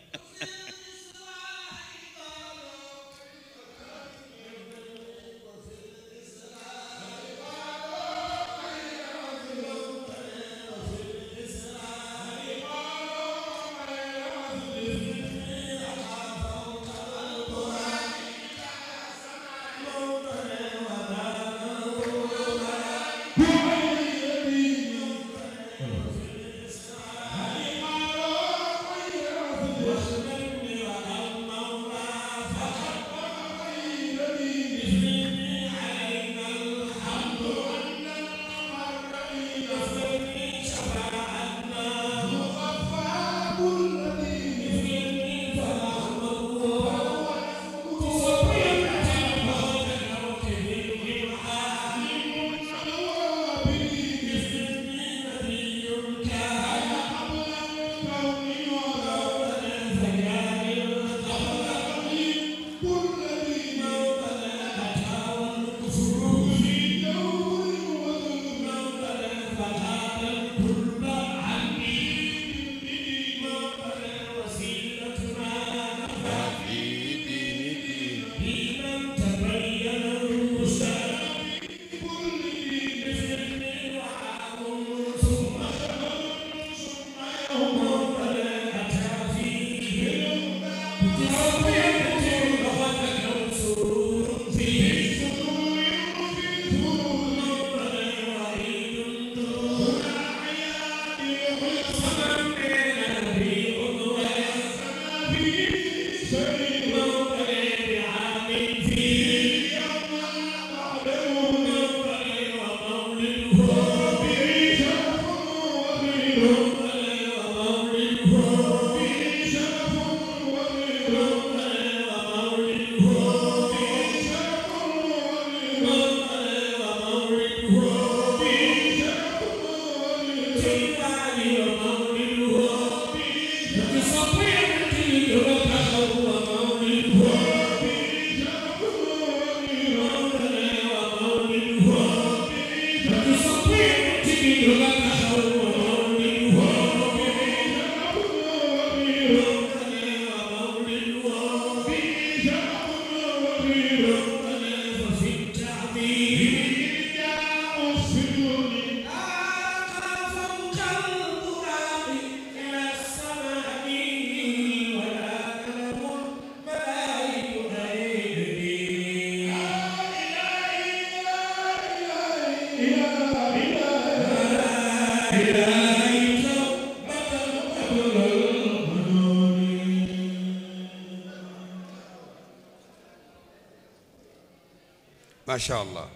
macha allah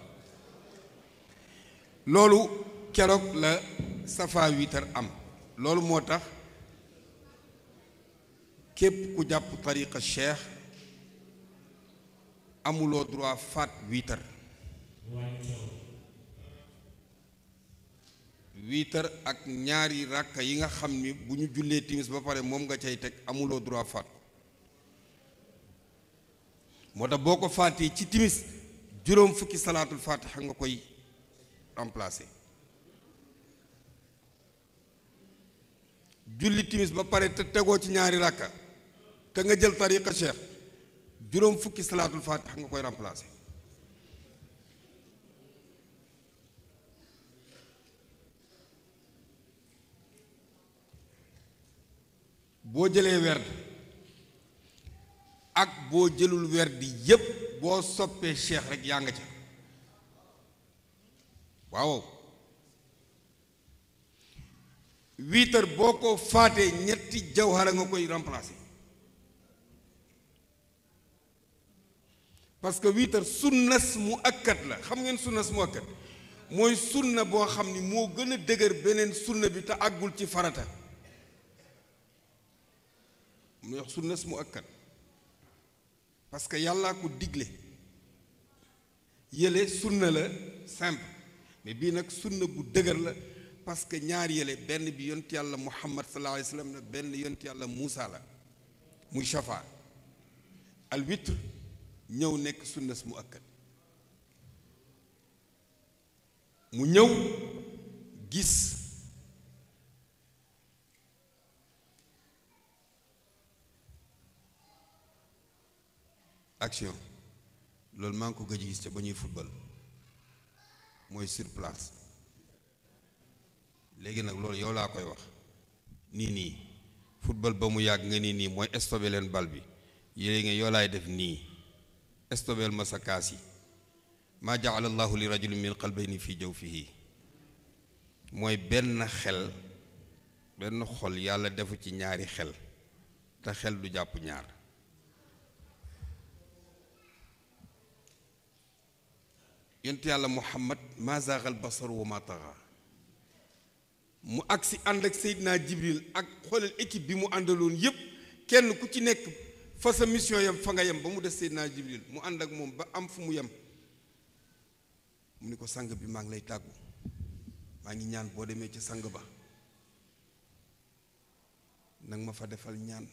loolu keroog la safa witar am loolu moo tax képp ku jàpp tariqa cheikh amuloo droit fat witar witar ak ñaari ràkka yi nga xam ni bu ñu jullee timis ba pare moom nga cay teg amuloo droit faat moo tax boo ko faatee ci timis juróom fukki salaatul fatiha nga koy remplacer julli timis ba pare te tegoo ci ñaari ràkka te nga jël tariqa cheikh juróom fukki salaatul fatiha nga koy remplacer boo jëlee werd ak boo jëlul werd yépp boo soppee cheikh rek yaa nga ca waaw wiitar boo ko faatee ñetti jawhara nga koy remplacer parce que wiitar sunnas mu akkat la xam ngeen sunnas mu akkat mooy sunna boo xam ni moo gën a dëgër beneen sunna bi te àggul ci farata mu wax sunnas mu akkat parce que yàllaa ko digle yële sunna la simple mais bii nag sunna bu dëgër la parce que ñaar yële benn bi yont yàlla muhammad sallallahu alayhi wa benn yont yàlla muusa la muy shafa al ñëw nekk sunna su mu akkat mu ñëw gis action loolu maa ngi ko gëj gis te ba ñuy football mooy sur léegi nag loolu yow laa koy wax nii nii football ba mu yàgg nga nii nii mooy stopé leen bal bi yéen nga yow laay def nii stopeel ma sa kaas yi ma jaala allahu li rajulin min qalbayni fii jawfihi mooy benn xel benn xol yàlla defu ci ñaari xel te xel du jàpp ñaar yonent yàlla muhammad mazaaxal basar wa ma taxa mu agsi ànd ak Seydina Jibril ak xoolal équipe bi mu àndaloon yépp kenn ku ci nekk fa sa mission yam fa nga yem ba mu des Seydina Jibril mu ànd ak moom ba am fu mu yem mu ni ko sang bi maa ngi lay tàggu maa ngi ñaan boo demee ci sang ba nanga ma fa defal ñaan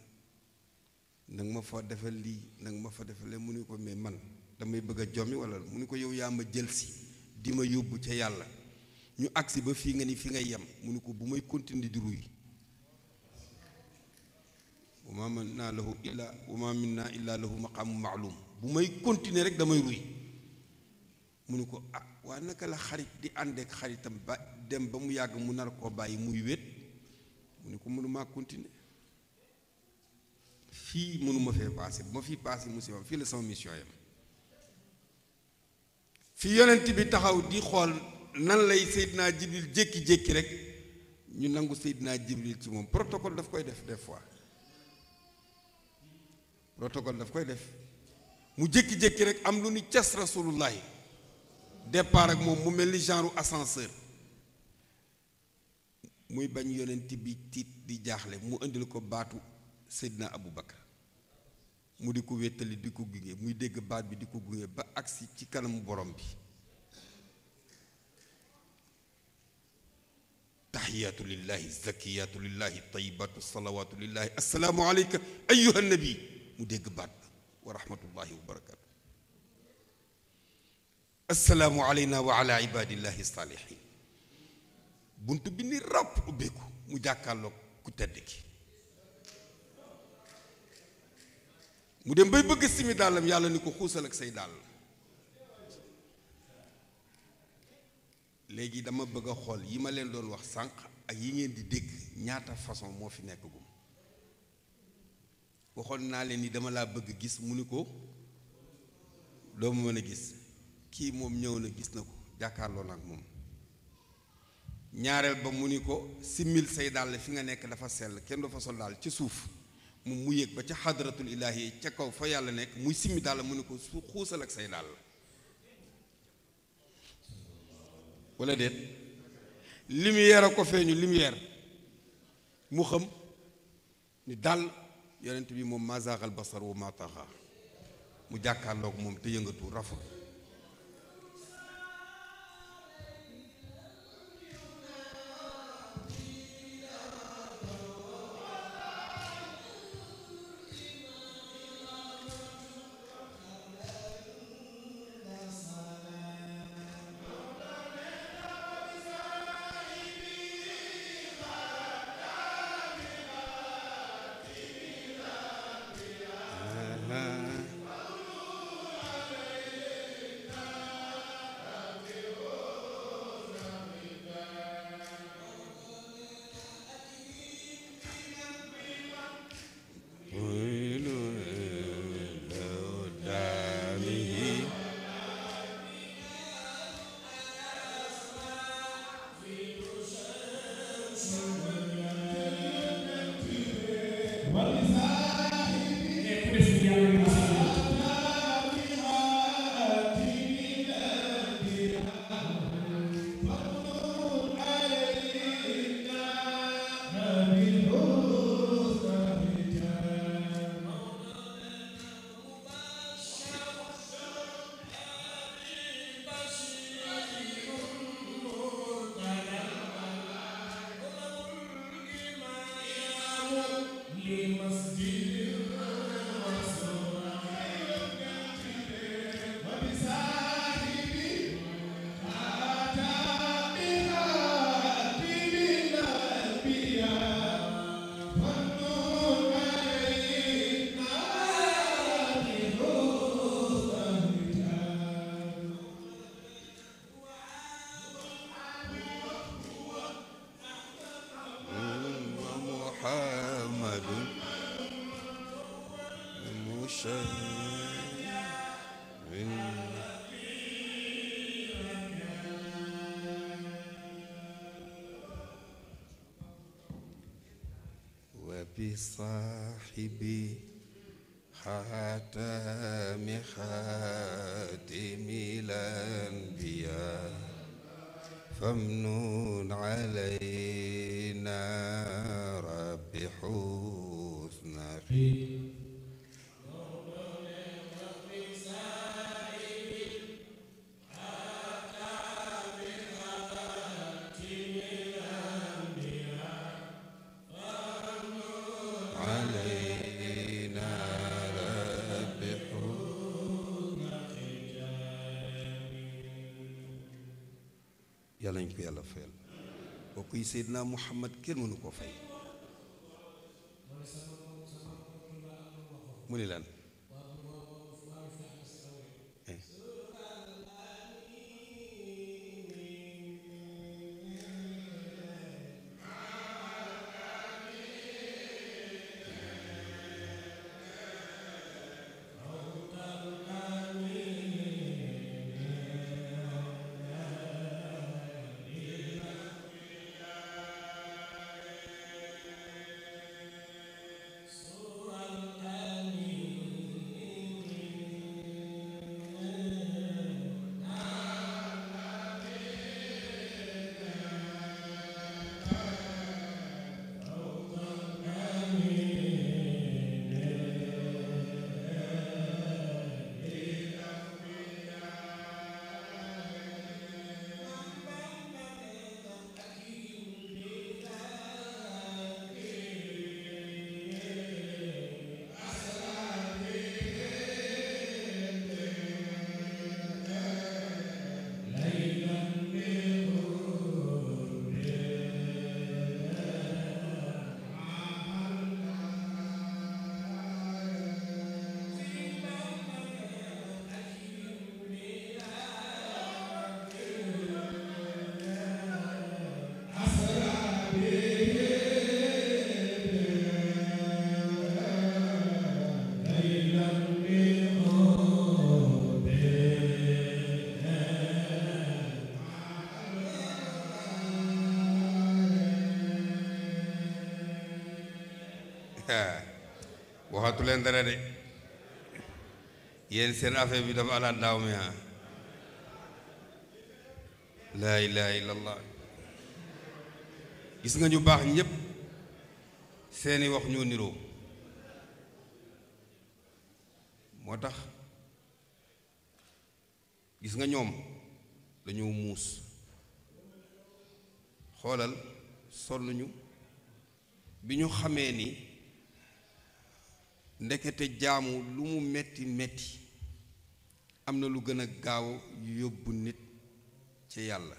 nanga ma fa defal lii nang ma fa defal lee mu ni ko mais man damay bëgg a jommi wala mu ni ko yow yaa ma jël si di ma yóbbu ca yàlla ñu agsi ba fii nga ni fi ngay yem mu ni ko bu may continuer di ruy wa ma min naa lahu illa wa bu may continuer rek damay ruy mu ni ko ah waa naka la xarit di àndeek xaritam ba dem ba mu yàgg mu nar koo bàyyi muy wét mu ni ko mënumaa continuer fii mënuma fee paase bu ma fii paase musiba fii la sama mission yam fi yonent bi taxaw di xool nan lay naa Jibril jékki-jékki rek ñu nangu Seydina Jibril ci moom protocole daf koy def des fois protocole daf koy def mu jékki-jékki rek am lu ni cas rasulullahi départ ak moom mu mel ni genre ascenseur muy bañ yonent bi tiit di jaaxle mu indil ko baatu Seydina Abou Bakar mu di ko wéttali di ko gunge muy dégg baat bi di ko gunge ba agsi ci kanamu borom bi taxiyaatu lillahi zakiyaatu lillahi tayibaatu salawaatu aleyka ayuha nabi mu dégg baat ba wa rahmatullahi wa barakaatu assalaamu aleyna wa ala ibadillahi saalihin bunt bi ni ràpp ubbeeku mu jàkkaarloog ku tedd ki mu dem bay bëgg simi dàllam yàlla ni ko xuusal ak say dàll léegi dama bëgg a xool yi ma leen doon wax sànq ak yi ngeen di dégg ñaata façon moo fi nekk gum waxoon naa leen ni dama laa bëgg gis mu ni ko doo ma mën a gis kii moom ñëw na gis na ko jàkkaarloo ak moom ñaareel ba mu ni ko simmil say dàll fi nga nekk dafa sell kenn du fa sol daal ci suuf moom mu yéeg ba ca xadratul yi ca kaw fa yàlla nekk muy simmi dàll mu ne ko su xuusal ak say dàll walla déet lumière a ko feeñu lumière mu xam ni dàll yonent bi moom mazaaxal basar wa mataaxa mu jàkkaarloog moom te yëngatu rafet لصاحبي خاتم خاتم الأنبياء فمنو bi Seydina Muhammad kenn mënu koo fay leen dara de yéen seen affaire bi dafa ala daaw mi ha laa ilaha illallah gis nga ñu baax ñépp seeni wax ñoo niroo moo tax gis nga ñoom dañoo muus xoolal sonn bi ñu xamee ni ndekete jaamu lu mu metti metti am na lu gën a gaaw yóbbu nit ci yàlla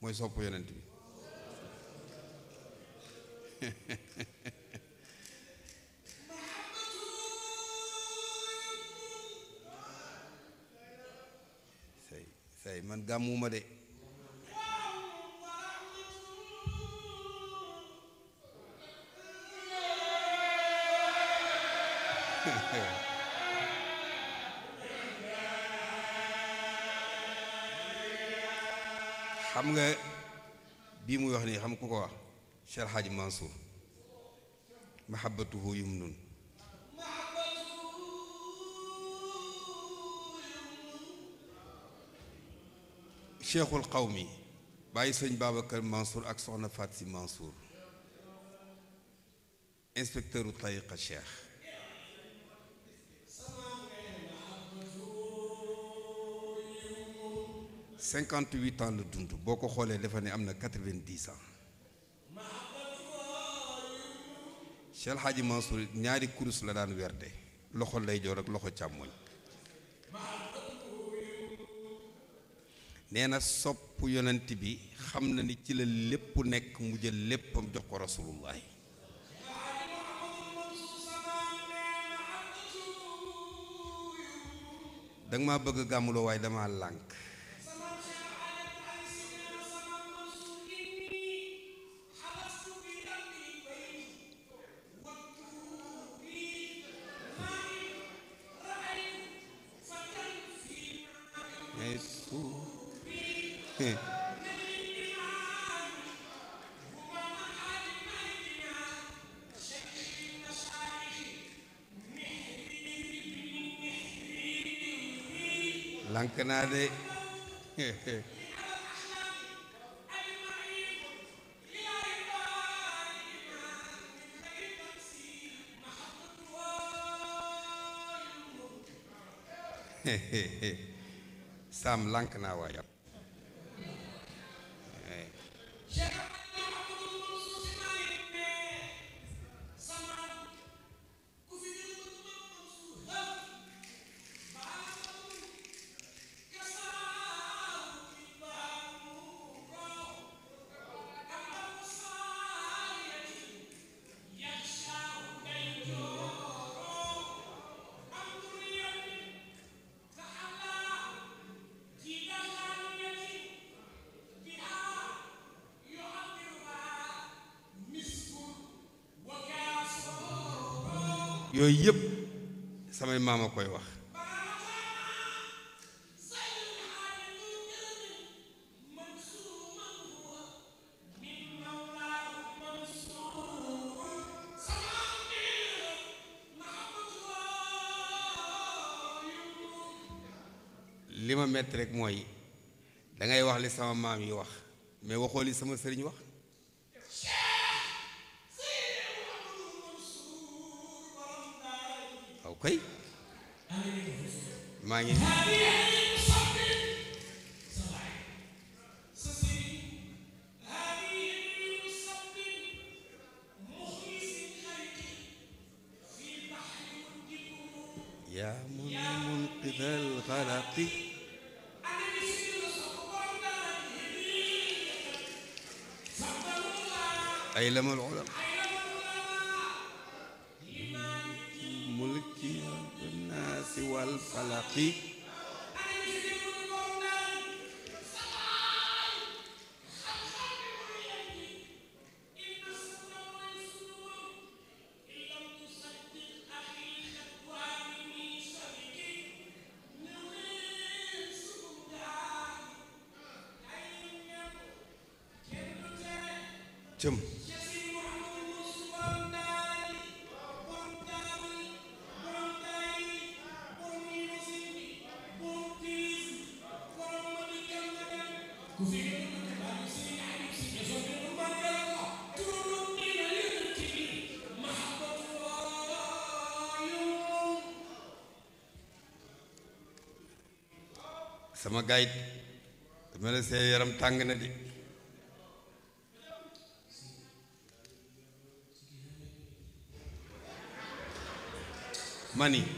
mooy sopp yonent bi say say man gàmmuma de Cheikh Hadji Mansour mahabbatuhu yumnun cheikhul qawmi bàyyi sëñ Babacar Mansour ak soxna Faat Si Mansour inspecteur u tariqa cheikh cinquante huit ans la dund boo ko xoolee dafa ne am na quatre-vingt-dix ans Cheikh Alxaaji Mansour ñaari kurus la daan werde loxo lay joor ak loxo càmmoñ nee na sopp yonent bi xam na ni ci la lépp nekk mu jël léppam jox ko rasulullahi danga ma bëgg gàmmuloo waaye dama lànk naa de sam lank naa maama koy wax li ma metti rek mooy dangay wax li sama maam yi wax mais waxoo li sama sëriñ wax maa ngi sama gayit dama la see yaram tàng na di mani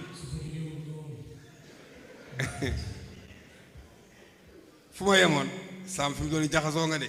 fu ma yemoon saam fi mu doon jaxasoo nga de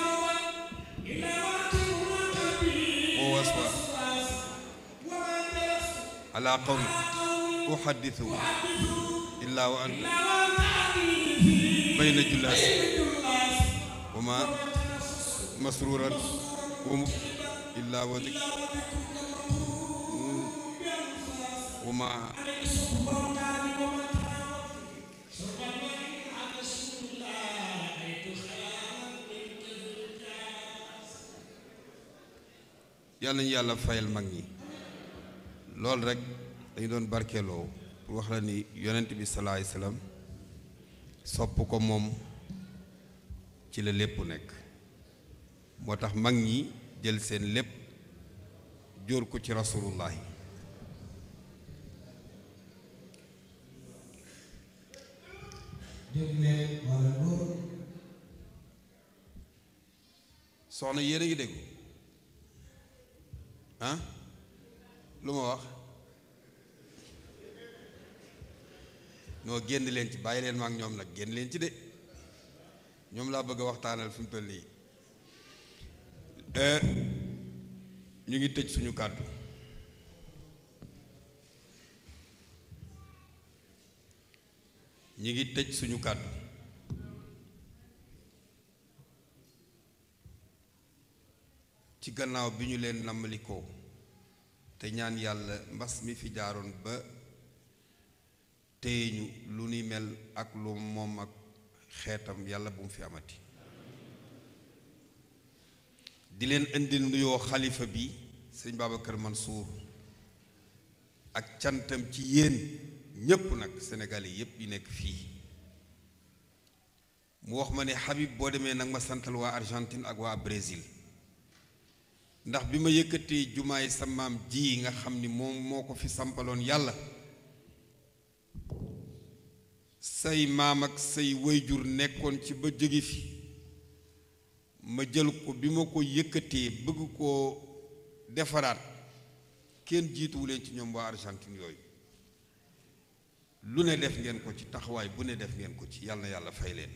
ala qawmi uhaddithu illa wa anta bayna jullaas wa ma masruran wum illa wa dik wa ma yàlla ñu yàlla fayal mag ñi lool rek dañu doon barkeeloo pour wax la ni yonent bi salaay salaam sopp ko moom ci la lépp nekk moo tax mag ñi jël seen lépp jóor ko ci rasulullahi soxna yéen a ngi dégg lu ma wax ñoo génn leen ci bàyyi leen ma ak ñoom nag génn leen ci de ñoom laa bëgg a waxtaanal fi mu nii euh, ñu ngi tëj suñu kàddu ñu ngi tëj suñu kàddu ci gannaaw bi ñu leen nammalikoo te ñaan yàlla mbas mi fi jaaroon ba téye lu ni mel ak lu moom ak xeetam yàlla bu mu fi amati di leen indi nuyoo xalifa bi sëñ man Mansour ak cantam ci yéen ñépp nag sénégalais yépp yi nekk fii mu wax ma ne Habib boo demee nag ma santal waa Argentine ak waa Brésil ndax bi ma yëkkatee jumaay sa maam ji nga xam ni moom moo ko fi sampaloon yàlla say maam ak say wayjur nekkoon ci ba jóge fi ma jël ko bi ma ko yëkkatee bëgg koo defaraat kenn jiituwu leen ci ñoom waa Argentine yooyu lu ne def ngeen ko ci taxawaay bu ne def ngeen ko ci yàlla yàlla fay leen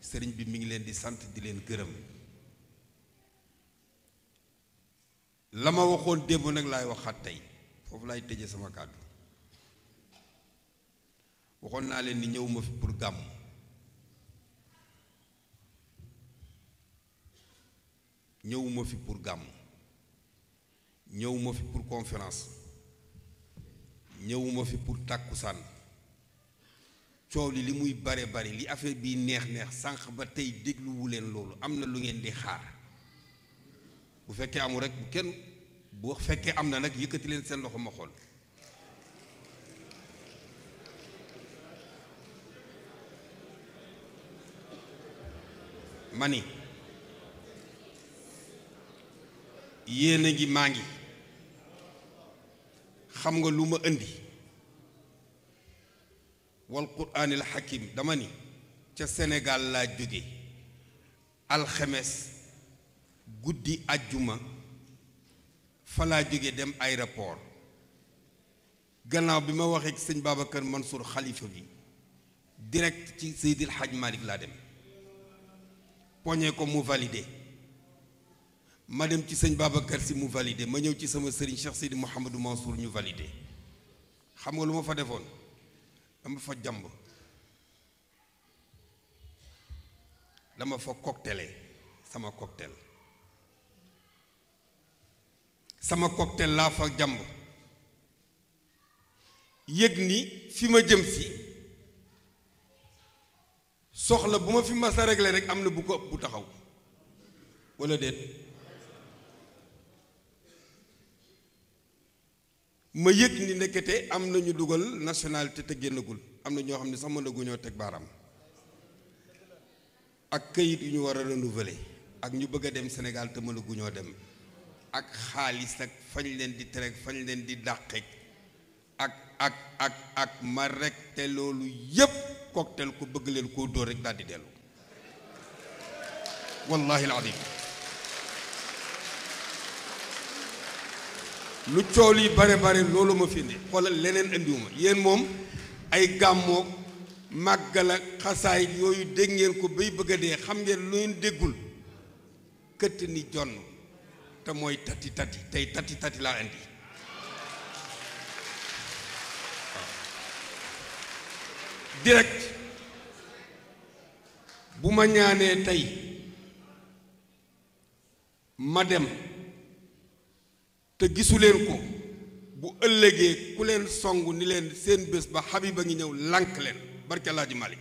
sëriñ bi mu ngi leen di sant di leen gërëm la ma waxoon démb nag laay waxaat tey foofu laay tëje sama kàddu waxoon naa leen ni ñëwuma fi pour gàmmu ñëwuma fi pour gàmm ñëwuma fi pour conférence ñëwuma fi pour tàkkusaan coow li li muy bare bari li affaire bii neex-neex sànq ba tey dégluwu leen loolu am na lu ngeen di xaar bu fekkee amul rek bu kenn boo fekkee am na nag yëkkati leen seen loxo ma xool ma ni yéene ji maa ngi xam nga lu ma indi wal quraanil hakim dama ni ca senegaal laa jóge alxemes guddi àjjuma fa laa jóge dem aéroport gannaaw bi ma waxee ak sëñ Babacar Mansour xalifa bi direkt ci Seydil Hadj Malick laa dem poñee ko mu validé ma dem ci sëñ Babacar si mu validé ma ñëw ci sama sëriñ Cheikh Sidi Mouhamadou Mansour ñu validé xam nga lu ma fa defoon dama fa jàmb dama fa cocktailé sama cocktail sama cocktail laa fa jàmb yëg ni fi ma jëm si soxla bu ma fi mas a rek am na bu ko bu taxaw walla déet ma yëg ni nekkete am na ñu dugal nationalité te génnagul am na ñoo xam ne sax mënaguñoo teg baaraam ak këyit yu ñu war a renouveler ak ñu bëgg a dem Sénégal te mënaguñoo dem ak xaalis ak fañ leen di tereg fañ leen di dàqeeg ak ak ak ak ma rekk te loolu yépp kook cocktail ko bëgg leen koo dóor rek daal di dellu wallahi alazim lu coow li bare bare loolu ma fi indi xoolal leneen indiwuma yéen moom ay gàmmoog màggala ak xasaay yooyu dégg ngeen ko bay bëgg dee xam ngeen lu ngeen déggul këtt ni jonn te mooy tati tati tey tati tati laa indi direct bu ma ñaanee tey ma dem te gisuleen ko bu ëllëgee ku leen song ni leen seen bés ba Habiba ngi ñëw lànk leen barke Alaaji Malik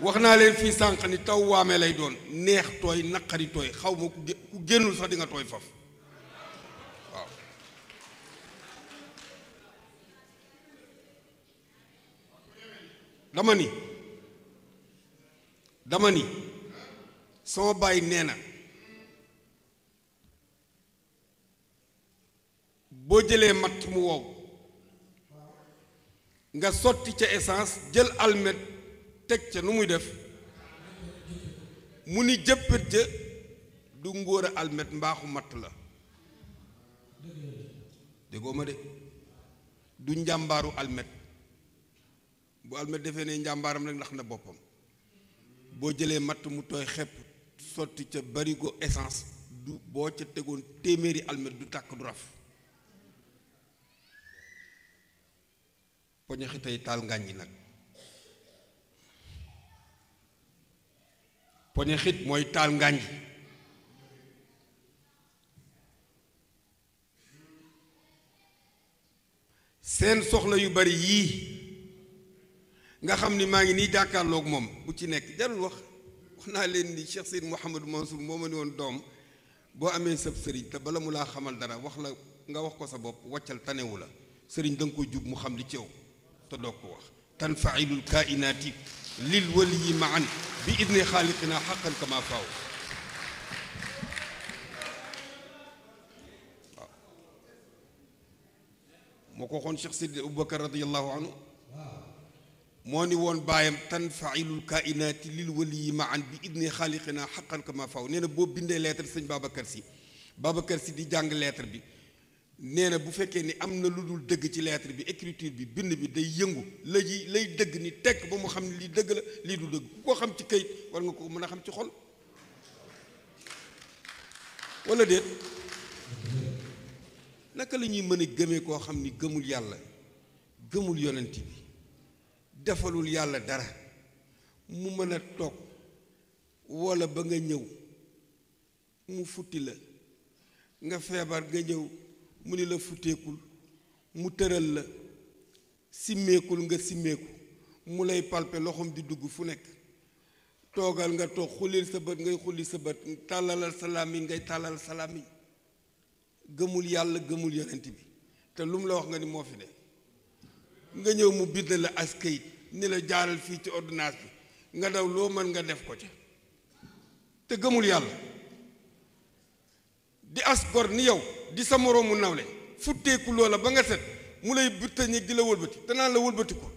wax naa leen fii sànq ni taw waame lay doon neex tooy naqari tooy xaw ma ku génnul sax di nga tooy faf dama ni dama ni sama baay nee na boo jëlee matt mu wow nga sotti ca essence jël almet teg ca nu muy def mu ni jëppët ja du ngóor a almet mbaaxu matt la déggoo ma de du njàmbaaru almet bu almet defee ne njàmbaaram rek ndax na boppam boo jëlee matt mu tooy xepp sotti ca barigo essence du boo ca tegoon téeméeri almet du tàkk du raf poñaxi tey taal ngàññi nag poñaxit mooy taal ngàññi seen soxla yu bari yii nga xam ni maa ngi nii jàkkaarloog moom bu ci nekk jarul wax wax naa leen ni Cheikh Seyd Mouhamadou Mansour moo ma ne woon doom boo amee sab sëriñ te bala mu laa xamal dara wax la nga wax ko sa bopp waccal tanewu la sëriñ danga ko jub mu xam li ci yow te doog ko wax tanfailul kainaati lil waliyi maan bi idni xaaliqina xaqan kama faaw waaw moo ko waxoon Cheikh Seyd Aboubacar radiallahu anhu moo ni woon baayam tanfailul kainaati lil waliyi ma an bi idni xaaliqina ko ma faw nee na boo bindee lettre sëñ Babacar Sy Babacar Sy di jàng lettre bi nee bu fekkee ni am na lu dul dëgg ci lettre bi écriture bi bind bi day yëngu la ji lay dëgg ni tekk ba mu xam ne lii dëgg la lii du dëgg ku ko xam ci kayit war nga ko mën a xam ci xol wala déet naka lañuy ñuy mën gëmee koo xam ni gëmul yàlla gëmul yonent bi defalul yàlla dara mu mën a toog walla ba nga ñëw mu futti la nga feebar nga ñëw mu ni la futteekul mu tëral la simmeekul nga simmeeku mu lay palpe loxoom di dugg fu nekk toogal nga toog xulil sa bët ngay xulil sa bët tàllalal sa làmmiñ ngay tàllal sa làmmiñ gëmul yàlla gëmul yonent bi te lu mu la wax nga ni moo fi ne nga ñëw mu bind la as kayit ni la jaaral fii ci ordonnance bi nga daw loo mën nga def ko ca te gëmul yàlla di as ni yow di sa moroomu nawle futteeku la ba nga set mu lay buttañeeg di la wëlbati danaa la wëlbati ko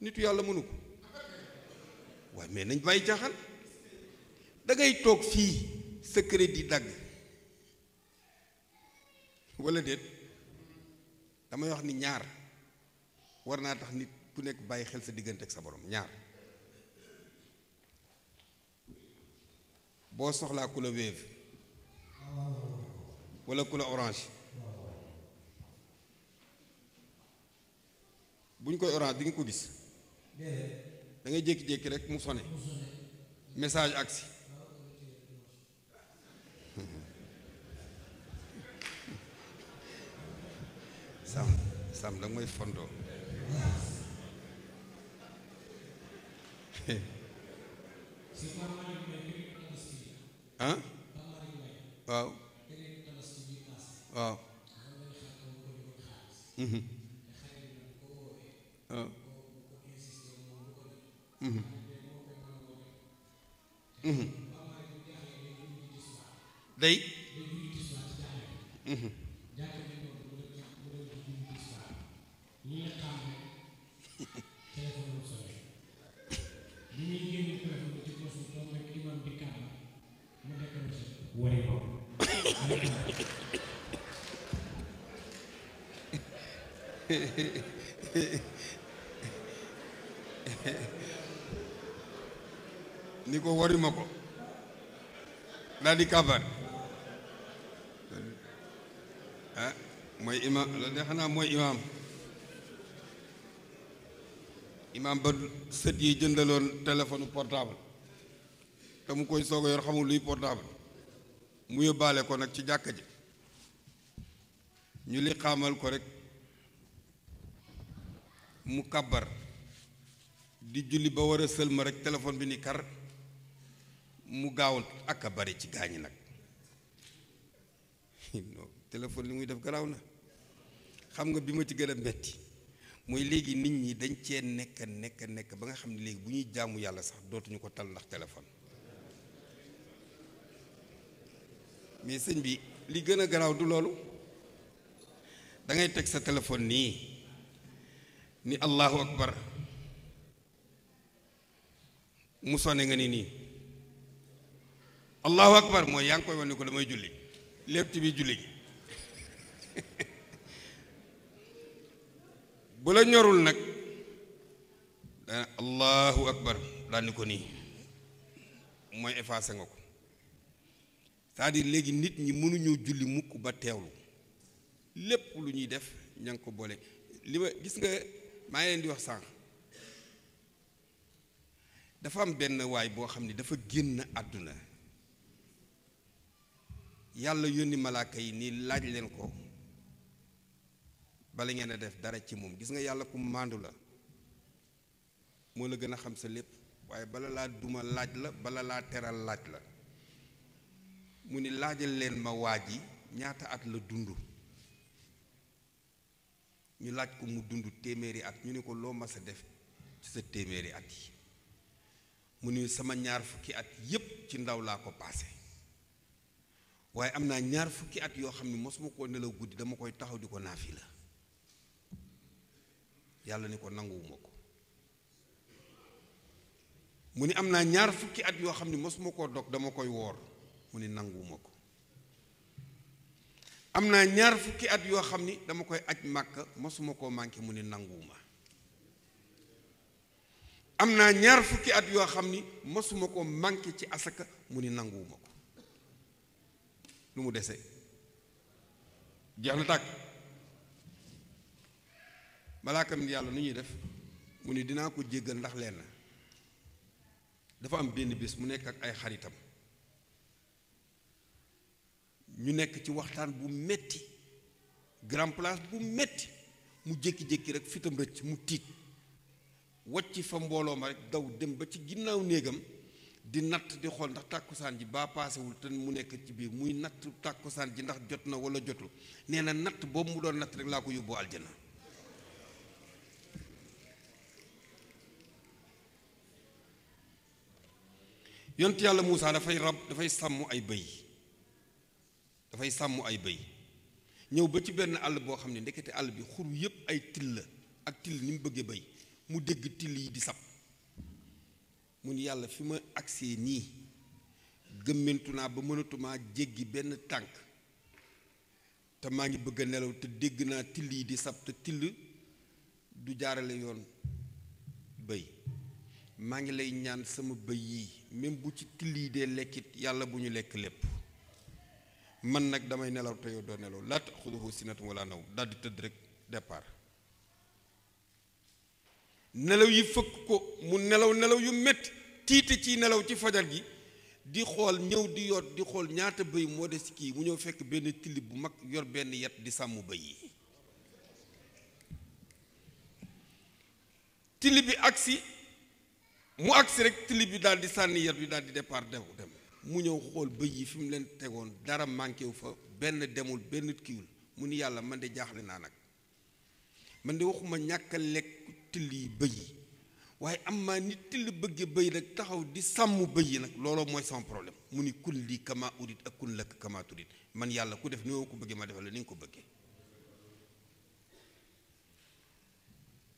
nit yàlla mënu ko waaye mais nañ bàyyi jaaxal da ngay toog fii sa crédit dagg wala déet damay wax ni ñaar war naa tax nit ku nekk bàyyi xel sa diggante ak sa boroom ñaar boo soxlaa ku la Wave wala ku la Orange bu ñu koy Orange di nga ko gis da jékki-jékki rek mu sone message agsi sam sam da mooy ah waaw waaw mhm. Mhm. Mhm. day daal di kàbbar eh, mooy imaam loolu de xanaa mooy imaam imaam ba sët yi jëndaloon téléphone portable te mu koy soog a yor xamul luy portable mu yóbbaale ko nag ci jàkka ji ñu li xaamal ko rek mu kàbbar di julli ba war a sëlma rek téléphone bi ni kar mu gaawoon ak a bari ci gaañi nag téléphone li muy def garaaw na xam nga bi ma ci gën a metti mooy léegi nit ñi dañ cee nekk nekk nekk ba nga xam ne léegi bu ñuy jaamu yàlla sax dootuñu ko tal ndax téléphone mais sëñ bi li gën a garaaw du loolu dangay teg sa téléphone nii ni allahu akbar mu sone nga ni nii allahu akbar mooy yaa ngi koy wane ko damay julli lépp ci biir julli gi bu la ñorul nag dana allahu akbar daal ni ko nii mooy effacé nga ko cest à léegi nit ñi mënuñoo julli mukk ba teewlu lépp lu ñuy def ña ngi ko boole li ma gis nga maa leen di wax sànq dafa am benn waay boo xam ne dafa génn àdduna yàlla yónni malaaka yi nii laaj leen ko bala ngeen a def dara ci moom gis nga yàlla ku mu màndu la moo la gën a xam sa lépp waaye bala laa duma laaj la bala laa teral laaj la mu ni laajal leen ma waa ji ñaata at la dund ñu laaj ko mu dund téeméeri at ñu ne ko loo mas a def ci sa téeméeri at yi mu ni sama ñaar fukki at yépp ci ndaw laa ko paase waaye am naa ñaar fukki at yoo xam ni mosuma koo nelaw guddi dama koy taxaw di ko naafi la yàlla ni ko nanguwuma ko mu ni am naa ñaar fukki at yoo xam ne mosuma koo dog dama koy woor mu ni nanguwuma ko am naa ñaar fukki at yoo xam ni dama koy aj màkk masuma koo manqué mu ni nanguwuma am naa ñaar fukki at yoo xam ni mosuma koo manqué ci asaka mu ni nanguwuma ko lu mu desee jeex na tàkk malaakam yàlla nu ñuy def mu ni dinaa ko jéggal ndax lenn dafa am benn bés mu nekk ak ay xaritam ñu nekk ci waxtaan bu metti grand place bu metti mu jékki-jékki rek fitam rëcc mu tiit wacc fa mbooloo ma rek daw dem ba ci ginnaaw néegam di natt di xool ndax tàkkusaan ji baa paasewul te mu nekk ci biir muy natt tàkkusaan ji ndax jot na wala jotu nee na natt boobu mu doon natt rek laa ko yóbbu aljana yont yàlla Moussa dafay rab dafay sàmmu ay bëy dafay sàmm ay bëy ñëw ba ci benn àll boo xam ne ndekete àll bi xur yépp ay till la ak till ni mu bëggee bëy mu dégg till yi di sab mu yàlla fi ma agsee nii gëmmentu naa ba mënatumaa jéggi benn tànk te maa ngi bëgg a nelaw te dégg naa till yi di sab te till du jaarale yoon bëy maa ngi lay ñaan sama bëy yii même bu ci till yi dee lekkit yàlla bu ñu lekk lépp man nag damay nelaw te yow doo nelaw laa taxuduhu sinatun wala naw daldi tëdd rek départ nelaw yi fëkk ko mu nelaw nelaw yu metti tiite ci nelaw ci fajar gi di xool ñëw di yoot di xool ñaata bëy moo des kii mu ñëw fekk benn tilib bu mag yor benn yat di sàmm bëy yi tilib bi agsi mu agsi rek tilib bi daal di sànni yet bi daal di départ dem mu ñëw xool bëy yi fi mu leen tegoon dara manqué wu fa benn demul benn kiwul mu ni yàlla man de jaaxle naa nag man de waxuma ñàkk lekk till yi bëy yi waaye am maa nit till bëgge bëy nag taxaw di sàmm bëy yi nag looloo mooy sama problème mu ni kun lii kama urit ak kun lakk kama turit man yàlla ku def ni ko bëggee ma defal la ni nga ko bëggee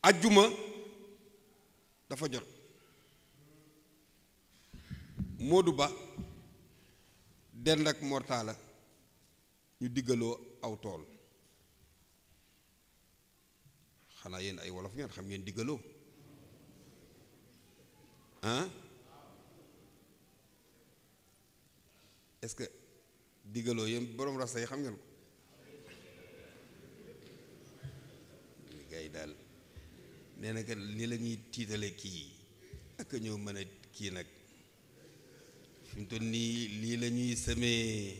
ajjuma dafa jot Modou Ba dend ak Mortala ñu diggaloo aw tool xanaa yéen ay wolof ngeen xam ngeen diggaloo ah est-ce que diggaloo yéen boroom rasta yi xam ngeen ko gay daal nee na ni la ñuy tiitale kii ak ñëw mën a kii nag fi mu toll nii lii la ñuy semee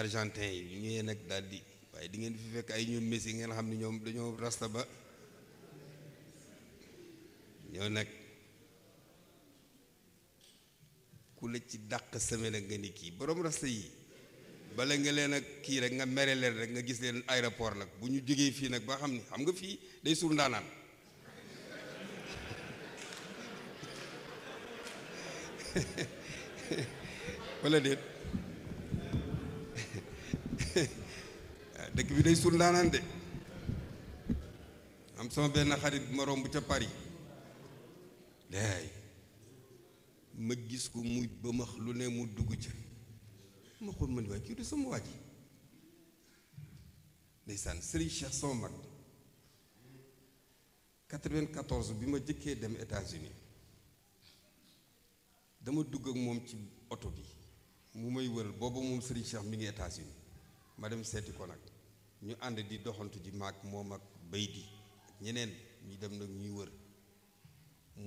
argentin yi ñu ngi nag daal di waaye di ngeen fi fekk ay ñoom Messi ngeen xam ne ñoom dañoo rasta ba yow nag ku la ci dàq semaine ak nga ni kii borom rasta yi bala nga leen ak kii rek nga mere leen rek nga gis leen aéroport nag bu ñu jógee fii nag ba xam ni xam nga fii day suur ndaanaan wala déet dëkk bi day suur ndaanaan de am sama benn xarit bu ma romb ca Paris laay ma gis ko muy bëmax lu ne mu dugg ca ma xool ma ni waay kii du sama waaj yi ndeysaan Serigne Cheikh sama mag 94 bi ma jëkkee dem États-Unis dama dugg ak moom ci oto bi mu may wëral booba moom Serigne Cheikh mi ngi États-Unis ma dem seeti ko nag ñu ànd di doxantu ji maag moom ak bay di ñeneen ñu dem nag ñuy wër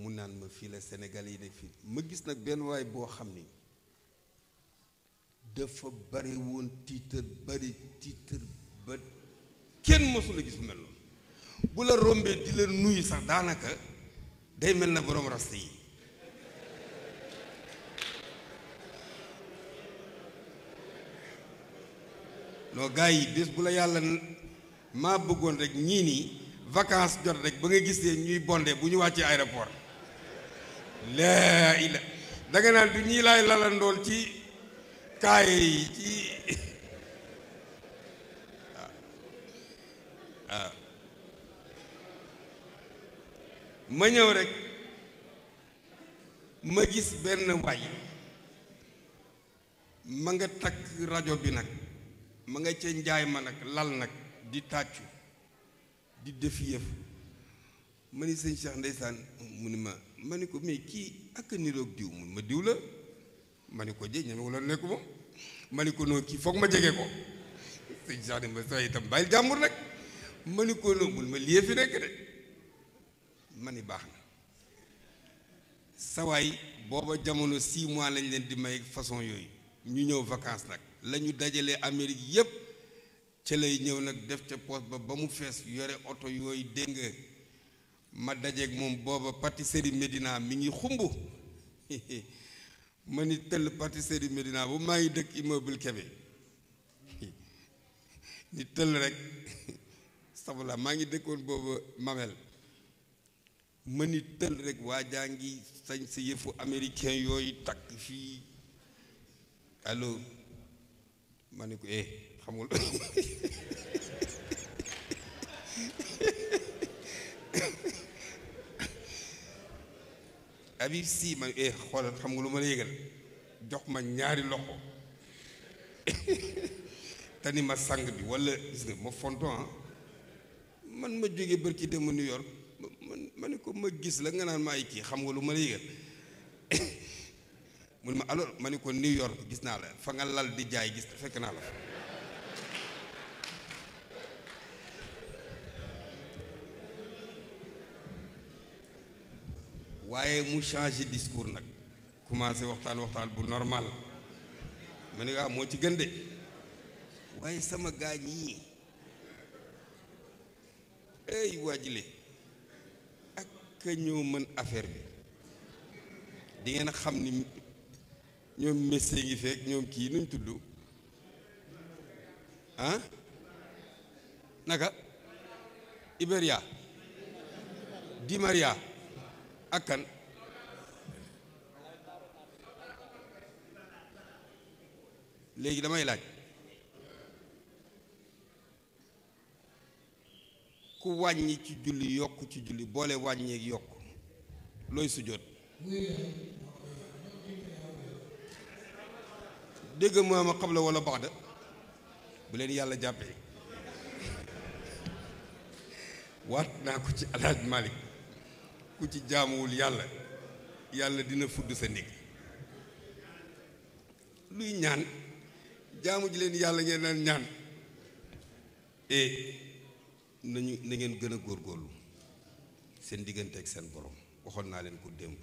mu naan ma fii la Sénégal yi de fii ma gis nag benn waay boo xam ni dafa bari woon tiitër bari tiitër ba kenn mësula gis mel noonu bu la rombee di la nuyu sax daanaka day mel na boroom rasta yi loo gars yi bés bu la yàlla maa bëggoon rek ñii nii vacances jot rek ba nga gisee ñuy bondé bu ñu wàccee aéroport laa ila da nga naan du ñii laay lalandool ci kaaye yi ci waaw ma ñëw rekk ma gis benn waay ma nga takk rajo bi nag ma nga ca njaay ma nag lal nag di tàccu di def yëf ma ni sëñ Cheikh ndeysaan mu ni ma ma ni ko mais kii ak niroog diw mun ma diw la ma ni ko jëj ñeme wala nekk moom ma ni ko noonu kii foog ma jege ko sëñ sax ne ma saa itam bàyyil jàmbur nag ma ni ko noonu mun ma liyee fi nekk de ma ni baax na sawaay booba jamono si mois lañ leen di may façon yooyu ñu ñëw vacances nag la ñu dajalee Amérique yépp ci lay ñëw nag def ca poos ba ba mu fees yore oto yooyu dégg nga ma dajeek moom booba pâtisserie Médina mi ngi xumb mën ni tëll pâtisserie Médina bu maa ngi dëkk immeuble Kébé ni tëll rek sabula maa ngi dëkkoon booba Mamel mën ni tëll rek waa jaa ngi sañ sa yëfu américain yooyu takk fii allo ma ni ko eh xamul Habib Sy man eh xam nga lu ma la yëgal jox ma ñaari loxo te ni ma sang bi wala gis nga ma fonton ah. man ma jógee barki dem New York man ma ne ko ma gis la nga naan ma ay kii xam nga lu ma la yëgal mu ne ma alors ma ne ko New York gis naa la fa nga lal di jaay gis fekk naa la fa waaye mu changé discours nag commencé waxtaan waxtaan bu normal ma moo ci gën de waaye sama gaañ yi ay waajile ak ka ñoo mën affaire bi di ngeen xam ni ñoom messe ngi feek ñoom kii nuñ tudd ah naka Iberia Di akan léegi damay laaj ku wàññi ci julli yokk ci julli boole wàññeek yokk looy sujjóot dégg ma ma qabla wala baxda bu leen yàlla jàppee waat naa ko ci alaaj Malik ku ci jaamuwul yàlla yàlla dina fudd sa ndigg luy ñaan jaamu ji leen yàlla ngeen leen ñaan e nañu na ngeen gën a góorgóorlu seen diggante ak seen borom waxoon naa leen ko démb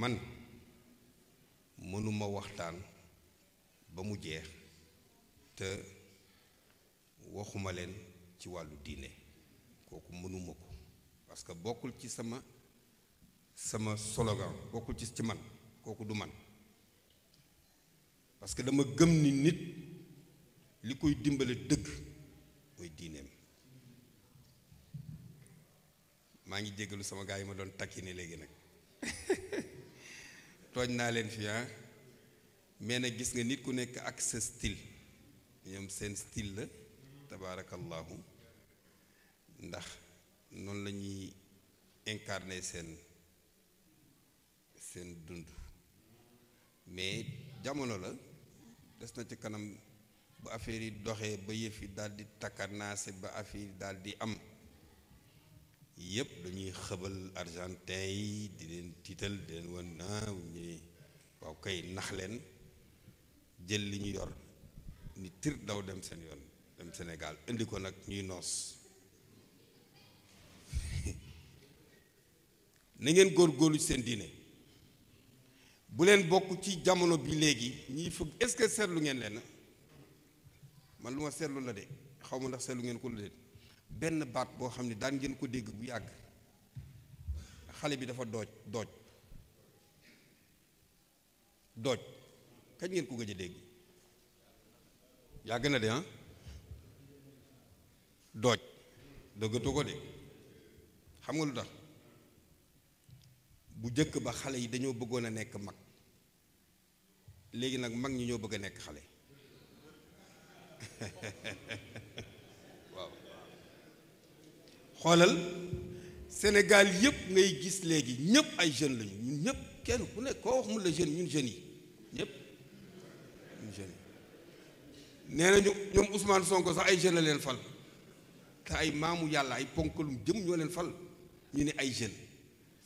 man mënuma waxtaan ba mu jeex te waxuma leen ci wàllu diine kooku mënuma ko parce que bokkul ci sama sama slogan bokkul ci ci man kooku du man parce que dama gëm ni nit li koy dimbale dëkk mooy diineem maa ngi jéggalu sama gaa yi ma doon takki ne léegi nag tooñ naa leen fi ah mais nag gis nga nit ku nekk ak sa style ñoom seen style la tabaarakallahu ndax noonu la ñuy incarner seen seen dund mais jamono la des na ci kanam bu affaire yi doxee ba yëf yi daal di takkarnaase ba affaire dal di am yëpp dañuy xëbal argentin yi di leen tiital di leen won naaw ah, ñu waaw kay nax leen jël li ñu yor ni tir daw dem seen yoon dem Sénégal indi ko nag ñuy noos na ngeen góorlu ci seen diine bu leen bokk ci jamono bi léegi ñiy fëgg est-ce que seetlu ngeen leen man lu ma seetlu la de xaw ma ndax seetlu ngeen ko la de benn baat boo xam ne daan ngeen ko dégg bu yàgg xale bi dafa dooj dooj dooj kañ ngeen ko gëj dégg yàgg na de ah dooj dëggatoo ko de xam nga lu da bu jëkk ba xale yi dañoo bëggoon a nekk mag léegi nag mag ñi ñoo bëgg a nekk xale waaw xoolal Sénégal yëpp ngay gis léegi ñëpp ay jeunes lañu ñun ñëpp kenn ku nekk koo wax mun la jeune ñun jeunes yi ñëpp ñun jeunes yi nee nañu ñoom Ousmane Sonko sax ay jeunes la leen fal te ay maamu yàlla ay ponkalum jëm ñoo leen fal ñu ne ay jeunes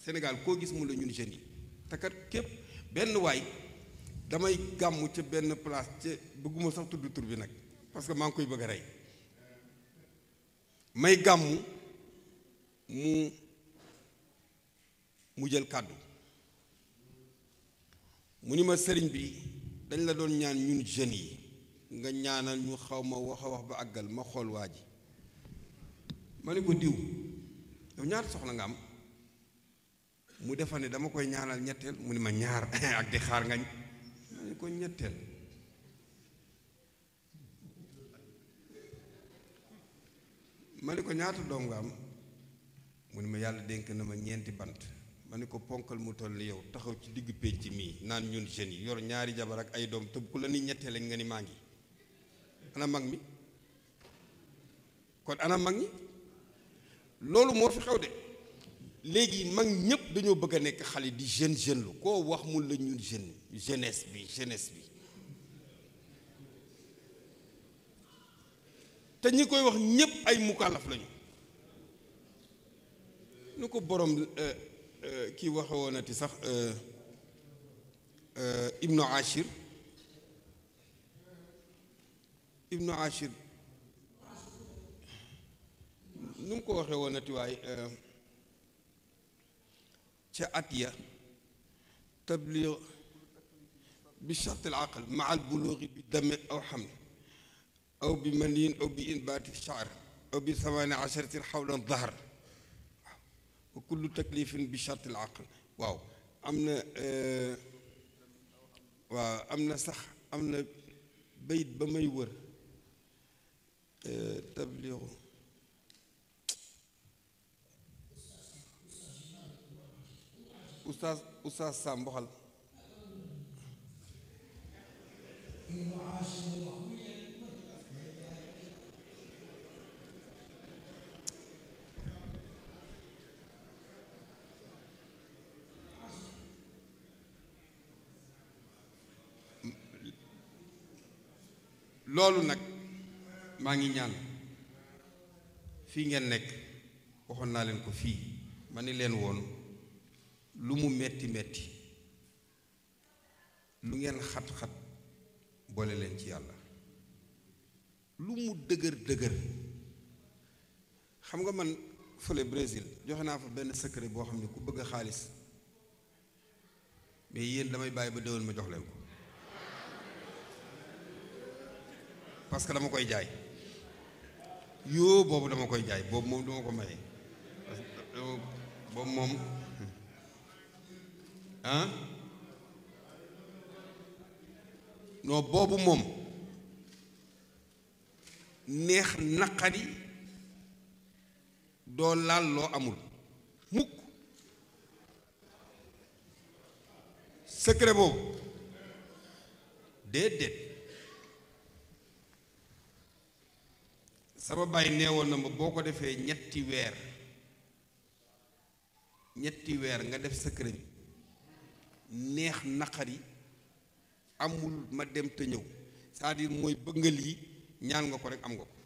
Sénégal koo gis mu la ñun jeunes yi te kat képp benn waay damay gàmmu ca benn place ca bëgguma sax tudd bi nag parce que maa ngi koy bëgg a rey may gàmmu mu mu jël kàddu mu ni ma sëriñ bi dañ la doon ñaan ñun jeunes yi nga ñaanal ñu xaw ma wax a wax ba àggal ma xool waa ji ma ne ko diw yow ñaata soxla nga am mu defal ne dama koy ñaanal ñetteel mu ne ma ñaar ak di xaar nga ma ne ko ñetteel ma ne ko ñaata doom nga am mu ne ma yàlla dénk na ma ñeenti bant ma ne ko ponkal mu toll yow taxaw ci diggu pénc mii naan ñun jeunes yi yor ñaari jabar ak ay doom te ku la ni ñetteel nga ni maa ngi ana mag mi kon ana mag ñi loolu moo fi xew de léegi mag ñëpp dañoo bëgg a nekk xale di jeune jeune lu koo wax mu lañu ñu jeune jeunesse bi jeunesse bi te ñi koy wax ñëpp ay mukallaf lañu nu ko borom euh, euh, kii waxe ati sax euh, ibnu ashir ibnu ashir nu mu ko waxee woonati waaye ca at ya tabliir bi chart al aql ma al buluugi bi dame aw xaml aw bi maniin aw bi inbaati shaar aw bi samaani asharatin xawlan dahar waaw wa kullu taklifin bi chart al aql waaw am na e, waaw am na sax am na bayit ba may wër e, tabliiru oustaz oustaz loolu nag maa ngi ñaan fii ngeen nekk waxoon naa leen ko fii ma ni leen woon lu mu metti metti lu ngeen xat-xat boole leen ci yàlla lu mu dëgër dëgër xam nga man fële Brésil joxe naa fa benn secret boo xam ne ku bëgg xaalis mais yéen damay bàyyi ba déwén ma jox leen ko parce que dama koy jaay yoo boobu dama koy jaay boobu moom dama ko maye euh, boobu moom ah non boobu moom neex naqari doo laal loo amul mukk secret boobu déedéet sama bàyyi neewoon na ma boo ko defee ñetti weer ñetti weer nga def secret bi neex naqari amul ma dem te ñëw saa à mooy bëgg nga lii ñaan nga ko rek am nga ko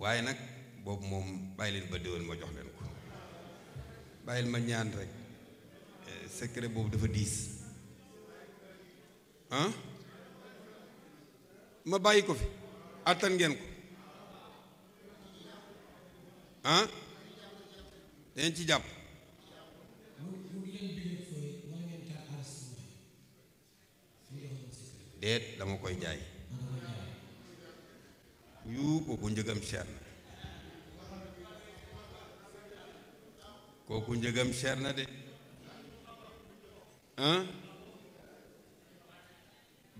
waaye nag boobu moom bàyyi leen ba déwén ma jox leen ko bàyyil ma ñaan rek eh, secret boobu dafa diis ma bàyyi ko fi àttan ngeen ko ah dañ ci jàmm déet dama koy jaay yuu kooku njëgam cher na kooku njëgam cher na de ah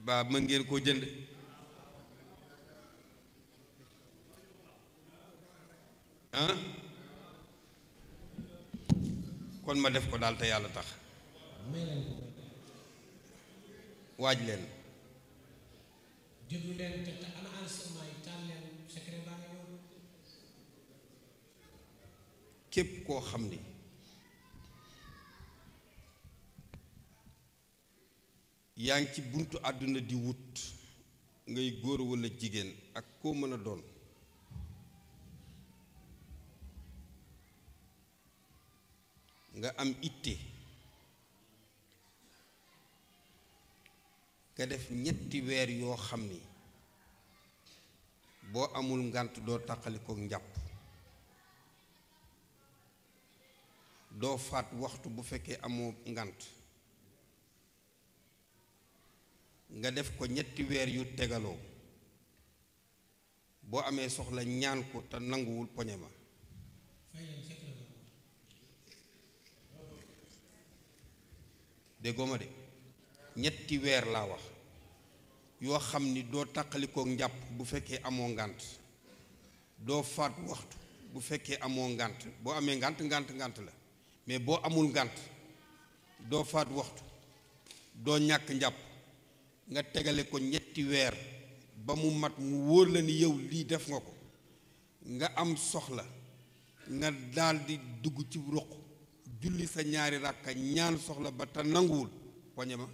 baa mën ngeen koo jënd ah kon ma def ko daal te yàlla tax waaj leen képp koo xam ni yaa ngi ci buntu àdduna di wut ngay góor walla jigéen ak koo mën a doon nga am itte nga def ñetti weer yoo xam ni boo amul ngànt doo tàqalikook njàpp doo faat waxtu bu fekkee amoo ngànt nga def ko ñetti weer yu tegaloo boo amee soxla ñaan ko te nanguwul poñe ma déggoo ma de ñetti weer laa wax yoo xam ni doo tàqalikook njàpp bu fekkee amoo ngànt doo faat waxtu bu fekkee amoo ngànt boo amee ngànt ngànt ngànt la mais boo amul ngànt doo faat waxtu doo ñàkk njàpp nga tegale ko ñetti weer ba mu mat mu wóor la ni yow lii def nga ko nga am soxla nga daldi dugg ci ruq julli sa ñaari ràkka ñaan soxla ba te nanguwul poñe ma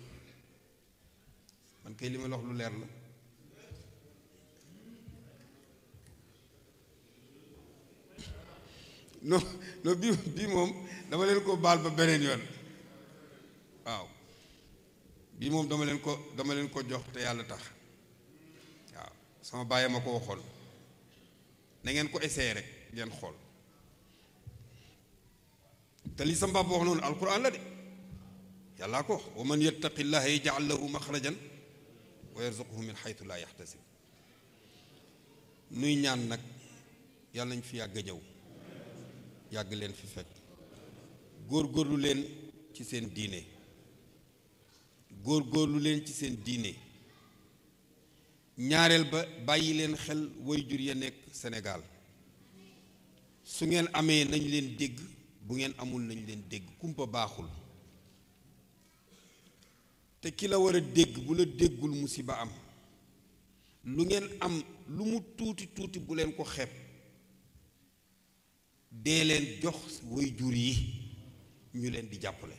man kay li ma la lu leer la non non bii bii moom dama leen ko baal ba beneen yoon waaw bii moom dama leen ko dama leen ko jox te yàlla tax waaw sama bàyyi ma ko waxoon na ngeen ko essayé rek ngeen xool te li sama baab wax noonu alquran la de yàllaa ko wax wa man yattaqi llaha yaj'al wa yarzuquhu min xaytu laa yaxtasib nuy ñaan nag yàlla nañ fi yàgg ñëw yàgg leen fi fekk góorlu leen ci seen diine góor góorlu leen ci seen diine ñaareel ba bàyyi leen xel waajur ya nekk senegaal su ngeen amee nañ leen dégg bu ngeen amul nañ leen dégg kumpa baaxul te ki la war a dégg bu la déggul musiba am lu ngeen am lu mu tuuti tuuti bu leen ko xepp dee leen jox way jur yi ñu leen di jàppale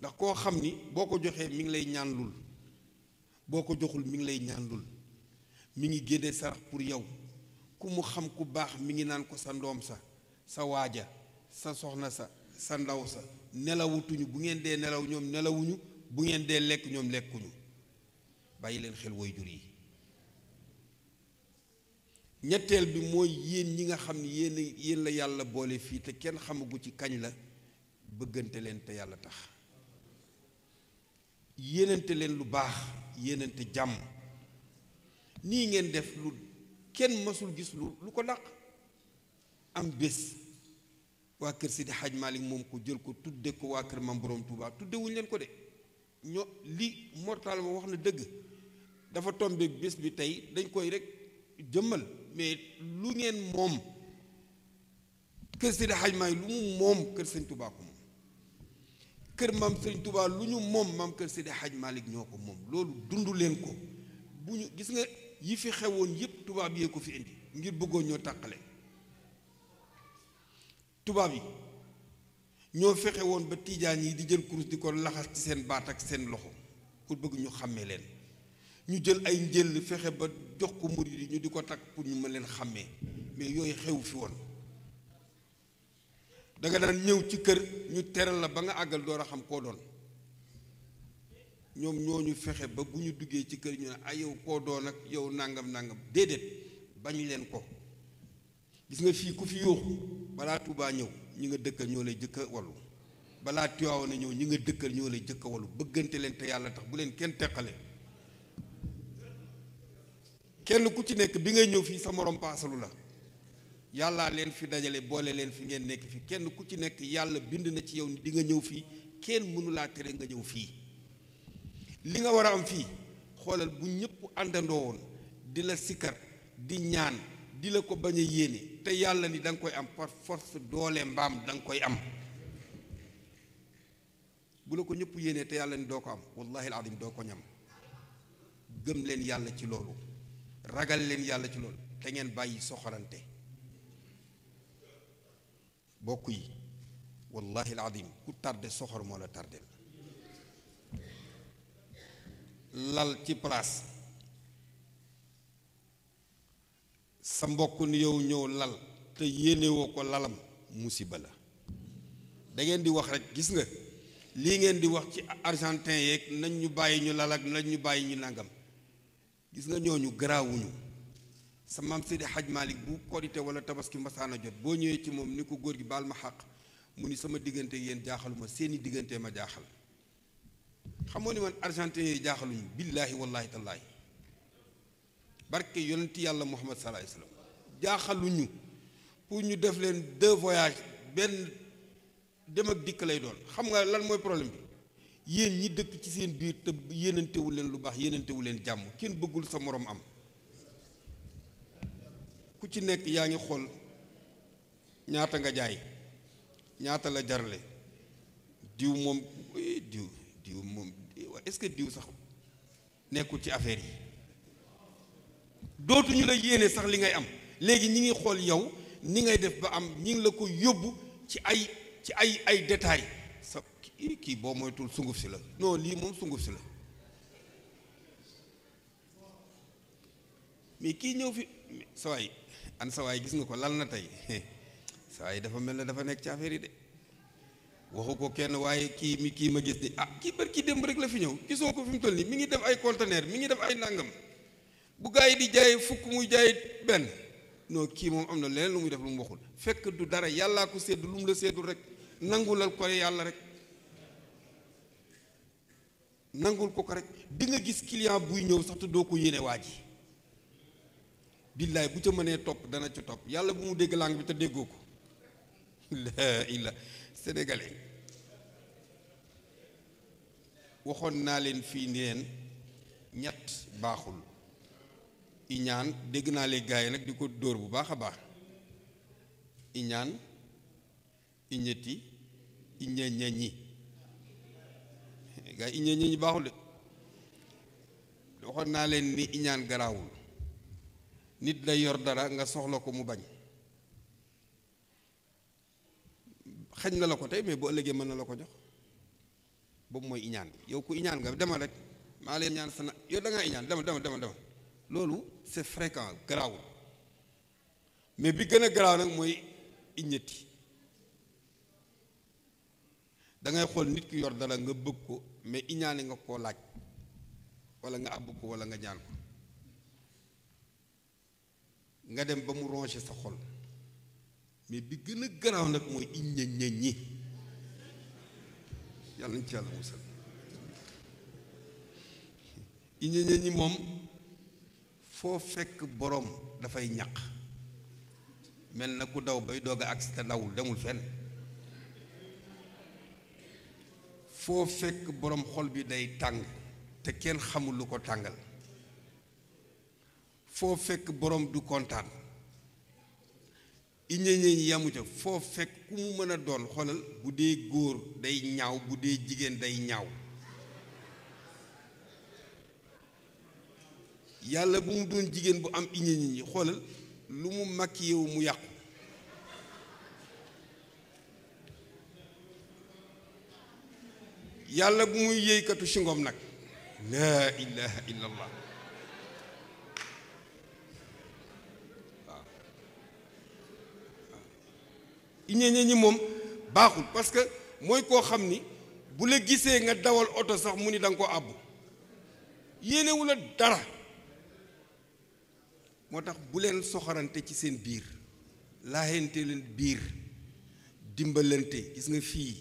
ndax koo xam ni boo ko joxee mi ngi lay ñaan lul boo ko joxul mi ngi lay ñaan lul ngi génne sarax pour yow ku mu xam ku baax mi ngi naan ko sa ndoom sa sa waaja sa soxna sa sa ndaw sa nelawutuñu bu ngeen dee nelaw ñoom nelawuñu bu ngeen dee lekk ñoom lekkuñu bàyyi leen xel way jur yi ñetteel bi mooy yéen ñi nga xam ne yéen yéen la yàlla boole fii te kenn xamagu ci kañ la bëggante leen te yàlla tax yéenante leen lu baax yéenante jàmm nii ngeen def lu kenn mësul gis lu lu ko dàq am bés waa kër si Sidi Hadj Malick moom ko jël ko tudde ko waa kër Mam Borom Touba tudde leen ko de ñoo li mortal wax na dëgg dafa tombe bés bi tey dañ koy rek jëmmal mais lu ngeen moom kër Seydi Hadji Maalik lu mu moom kër Sëñ Tuubaa ko moom kër Sëñ Tuubaa lu ñu moom maam kër Seydi Hadji ñoo ko moom loolu dund leen ko bu ñu gis nga yi fi xewoon yépp tubaab yee ko fi indi ngir bëggoon ñoo tàqale tubaab yi ñoo fexe woon ba tiijaan yi di jël kurus di ko laxas ci seen baat ak seen loxo pour bëgg ñu xàmmee leen ñu jël ay njël fexe ba jox ko murid yi ñu di ko takk pour ñu mën leen xàmmee mais yooyu xew fi woon danga daan ñëw ci kër ñu teral la ba nga àggal door a xam koo doon ñoom ñoo ñu fexe ba bu ñu duggee ci kër ñu ne ay ah, yow koo doon ak yow nangam nangam déedéet bañ leen ko gis nga fii ku fi yuuxu balaa Tuubaa ñëw ñi nga dëkkal ñoo lay jëkk a wallu balaa Tiwaawan na ñëw ñi nga dëkkal ñoo lay jëkk wallu bëggante leen te yàlla tax bu leen kenn teqale kenn ku ci nekk bi ngay ñëw fii sa morom paasalu la yàllaa leen fi dajale boole leen fi ngeen nekk fii kenn ku ci nekk yàlla bind na ci yow ni di nga ñëw fii kenn mënulaa tere nga ñëw fii li nga war a am fii xoolal bu ñëpp àndandoo woon di la sikkar di ñaan di la ko bañ a yéene te yàlla ni danga koy am par force doole mbaam danga koy am bu la ko ñëpp yéene te yàlla ni doo ko am wallahi alazim doo ko ñam gëm leen yàlla ci loolu ragal leen yàlla ci loolu te ngeen bàyyi soxorante bokk yi wallahi alazim ku tardé soxor moo la tardel lal ci place sa mbokk ni yow ñëw lal te yéenewoo ko lalam musiba la dangeen di wax rek gis nga lii ngeen di wax ci argentin yeeg nañ ñu bàyyi ñu lal ak nañ ñu bàyyi ñu nangam gis nga ñooñu garaawuñu sa maam Seydi Haj Malick bu korite wala tabaski masaana jot boo ñëwee ci moom ni ko góor gi baal ma xàq mu ni sama diggante yéen jaaxaluma seeni diggantee ma jaaxal xamoo ni man argentin yi jaaxaluñu billaahi wallaahi tallaahi barke yonent yàlla muhammad sallallahu alayhi wasallam jaaxaluñu pour ñu def leen deux voyages benn dem ak dikk lay doon xam nga lan mooy problème bi yéen ñi dëkk ci seen biir te yéenantewu leen lu baax yéenantewu leen jàmm kenn bëggul sa moroom am ku ci nekk yaa ngi xool ñaata nga jaay ñaata la jarle diw moom eh, diw diw moom est-ce que diw sax nekkul ci affaire yi dootuñu la yéene sax li ngay am léegi ñi ngi xool yow ni ngay def ba am ñi ngi la ko yóbbu ci ay ci ay ay détails sa kii boo moytul sunguf si la non lii moom sunguf si la mais kii ñëw fi sawaay an sawaay gis nga ko lal na tey sawaay dafa mel ne dafa nekk ci affaire yi de waxu ko kenn waaye kii mi kii ma gis ni ah kii bër kii dem rek la fi ñëw gisoo ko fi toll nii mi ngi def ay conteneur mi ngi def ay nàngam bu gaa yi di jaay fukk muy jaay benn non kii moom am na leneen lu muy def lu mu waxul fekk du dara yàllaa ko séddu lu mu la séddul rek nangulal ko yàlla rek nangul ko ko rek di nga gis client buy ñëw sax te doo ko yéene waa ji billaay bu ca mënee topp dana ci topp yàlla bu mu dégg langue bi te déggoo ko la illa sénégalais waxoon naa leen fii neen ñett baaxul iñaan dégg naa léegi gars yi nag di ko dóor bu baax a baax iñaan iñetti iñeñeñ ñi gars yi iñeñeñ ñi baaxul de waxoon naa leen iñaan garaawul nit day yor dara nga soxla ko mu bañ xañ na la ko tey mais bu ëllëgee mën na la ko jox boobu mooy iñaan yow ku iñaan nga demal rek maa leen ñaan sa na yow da iñaan demal demal demal loolu c'est fréquent garaawul mais bi gën a garaaw nag mooy iññati dangay ngay xool nit ki yor dara nga bëgg ko mais iñaane nga koo laaj walla nga àbb ko wala nga ñaan ko nga dem ba mu ronger sa xol mais bi gën a garaaw nag mooy iññañañ ñi yàlla nañ ci yàlla musal iññañañ moom foo fekk boroom dafay ñaq mel na ku daw bay doog a agsi te dawul demul fenn foo fekk boroom xol bi day tàng te kenn xamul lu ko tàngal foo fekk boroom du kontaan iññeñeñ yamu ca foo fekk ku mu mën a doon xolal bu dee góor day ñaaw bu dee jigéen day ñaaw yàlla bu mu doon jigéen bu am iñe ñi ñi xoolal lu mu maquillé wu mu yàqu yàlla bu muy yéykatu si ngoom nag laa ilaha illa allah ñi moom baaxul parce que mooy koo xam ni bu la gisee nga dawal oto sax mu ni danga ko àbbu yéenewu la dara moo tax buleen soxorante ci seen biir laayante leen biir dimbalante gis nga fii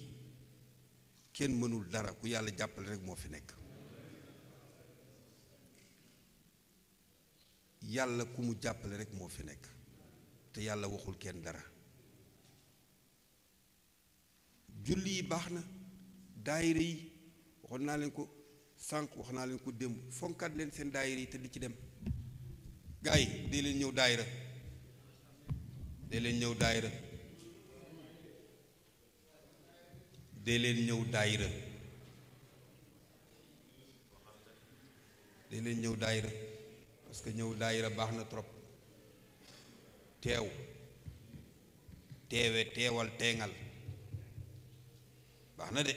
kenn mënul dara ku yàlla jàppale rek moo fi nekk yàlla ku mu jàppale rek moo fi nekk te yàlla waxul kenn dara julli yi baax na daayira yi waxoon naa leen ko sanq wax naa leen ko démb fonkaat leen seen daayira yi te di ci dem gaa dee leen ñëw daayira dee leen ñëw daayira dee leen ñëw daayira dee ñëw daayira parce que ñëw daayira baax na trop teew teewe teewal teengal baax na de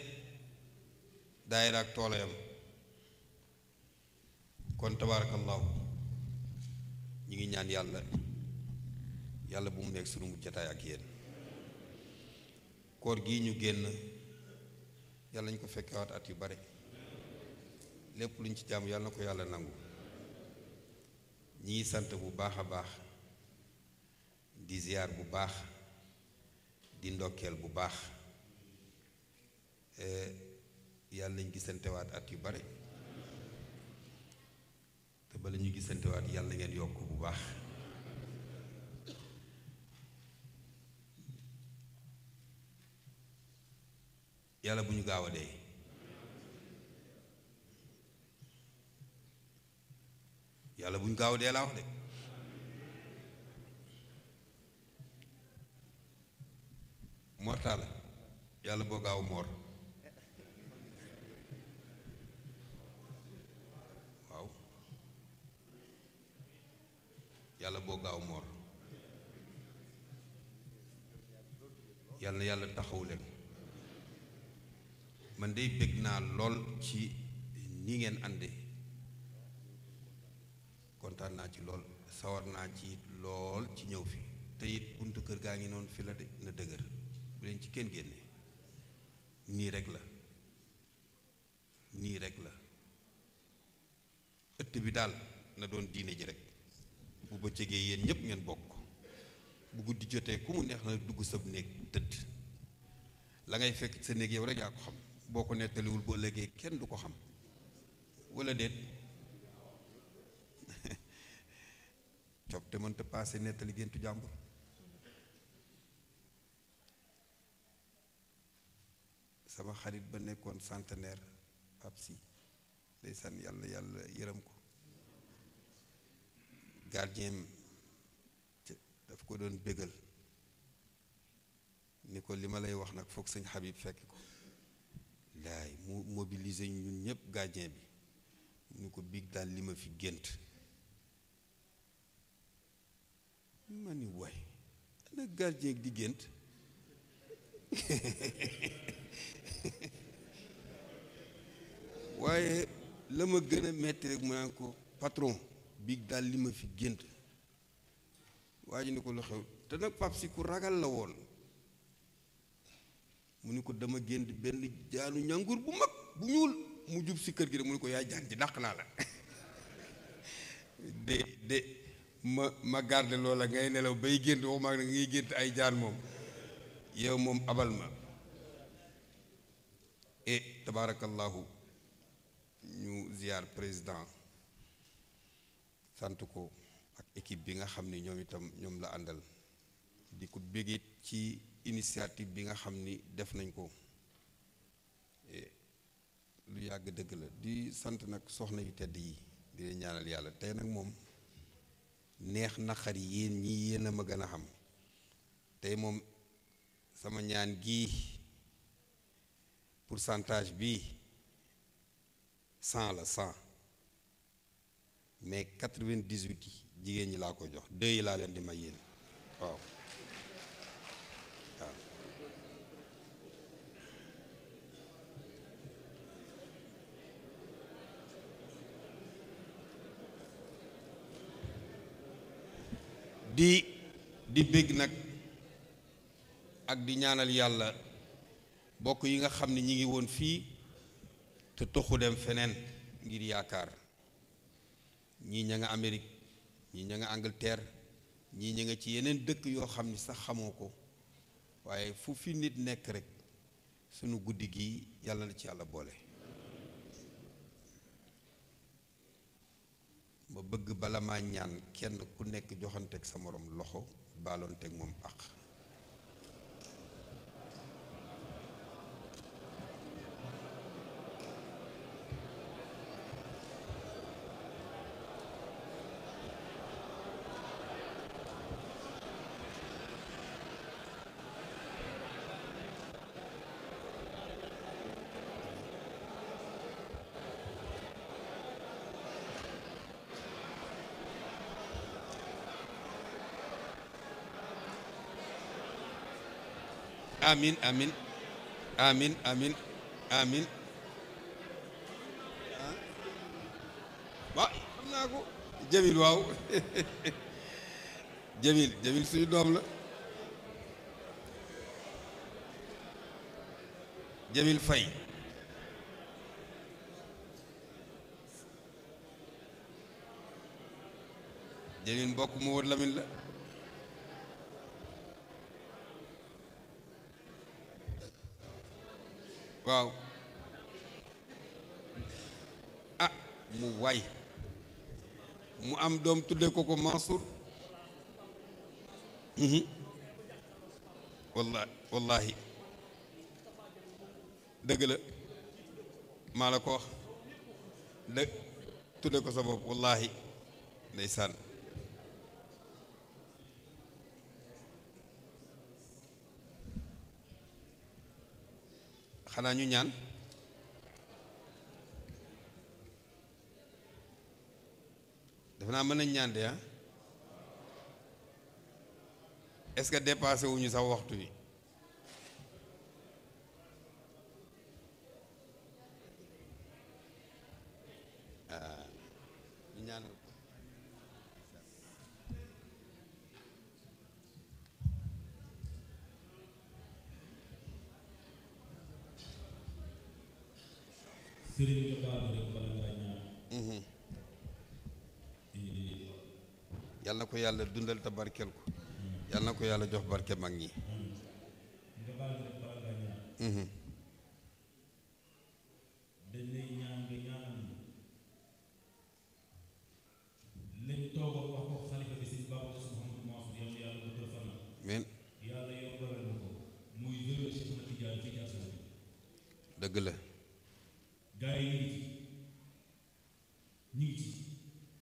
daayira ak toolayam kon tabaarakallaahu ñi ngi ñaan yàlla yàlla bu mu nekk sunu mujj jataay ak yéen koor gi ñu génn yàlla ñu ko fekkewaat at yu bare lépp luñ ci jaamu yàlla na ko yàlla nangu ñi ngi sant bu baax a baax di bu baax di ndokkeel bu baax eh, yàlla nañ gisantewaat at yu bare te bala ñu gisantewaat yàlla ngeen yokk bu baax yàlla bu ñu gaaw a dee yàlla bu ñu gaaw a dee laa wax de mortala yàlla boo gaaw moor yàlla boo gaaw moor yàlla yàlla taxaw leen man day bég naa lool ci ni ngeen ànde kontaan naa ci lool sawar naa ci lool ci ñëw fi te it bunt kër gaa ngi noonu fi la de na dëgër bu leen ci kenn génne nii rekk la nii rekk la ëtt bi daal na doon diine ji rekk bu bëccëgee yéen ñépp ngeen bokk bu guddi jotee ku mu neex na dugg sab néeg tëdd la ngay fekk sa néeg yow rek yaa ko xam boo ko nettaliwul boo ëllëgee kenn du ko xam walla déet cob te mënta paase nettali géntu jàmbur sama xarit ba nekkoon centenaire Pape Si ndeysaan yàlla yàlla yërëm ko gardien daf ko doon bégal ni ko li ma lay wax nag foog sëñ Habib fekk ko laay mu mobiliser ñun ñëpp gardien bi ni ko biig daal li ma fi gént ma ni way nag gardien di gént waaye la ma gën a metti rek mu naan ko patron bi daal li ma fi gént waa ji ni ko lu xew te nag pap si ku ragal la woon mu ni ko dama gént benn jaanu ñàngur bu mag bu ñuul mu jub si kër gi de mu ni ko yaa jaan ji dàq naa la de de ma ma garde loola ngay nelaw bay gént waxuma ak ngay gént ay jaan moom yow moom abal ma e tabaarakallaahu ñu ziar président sant ko ak équipe bi nga xam ni ñoom itam ñoom la àndal di ko bégit ci initiative bi nga xam ni def nañ ko e, lu yàgg dëgg la di sant nag soxna yu tedd yi di leen ñaanal yàlla tey nag moom neex naqar yi ñi yéen a ma gën a xam tey moom sama ñaan gii pourcentage bi sant la cent mais quatre-vingt-dix-huit yi jigéen ñi laa ko jox deux yi laa leen di may yéen waaw di di bég nag ak di ñaanal yàlla bokk yi nga xam ne ñi ngi woon fii te toxu dem feneen ngir yaakaar ñii ña nga amerig ñii ña nga Angleterre ñii ña nga ci yeneen dëkk yoo xam ni sax xamoo ko waaye fu fi nit nekk rek sunu guddi gi yàlla na ci yàlla boole ma bëgg bala maa ñaan kenn ku nekk joxanteeg sa moroom loxo baaloonteeg moom pàq amin amin amin amin amin waaw ah. naa ko jamil waaw jamil jamil suñu doom la jamil fay jamil mbokk mu wër lamin la waaw ah mu waay mu am doom tudde ko ko Mansour mhm. wallahi wallahi dëgg la maa la ko wax dëgg tudde ko sa bopp wallahi ndeysaan xanaa ñu ñaan dafa naa mën nañ ñaan de ah est-ce que dépassé wuñu sax waxtu wi ko yàlla dundal te barkel ko yàlla na ko yàlla jox barke mag ñi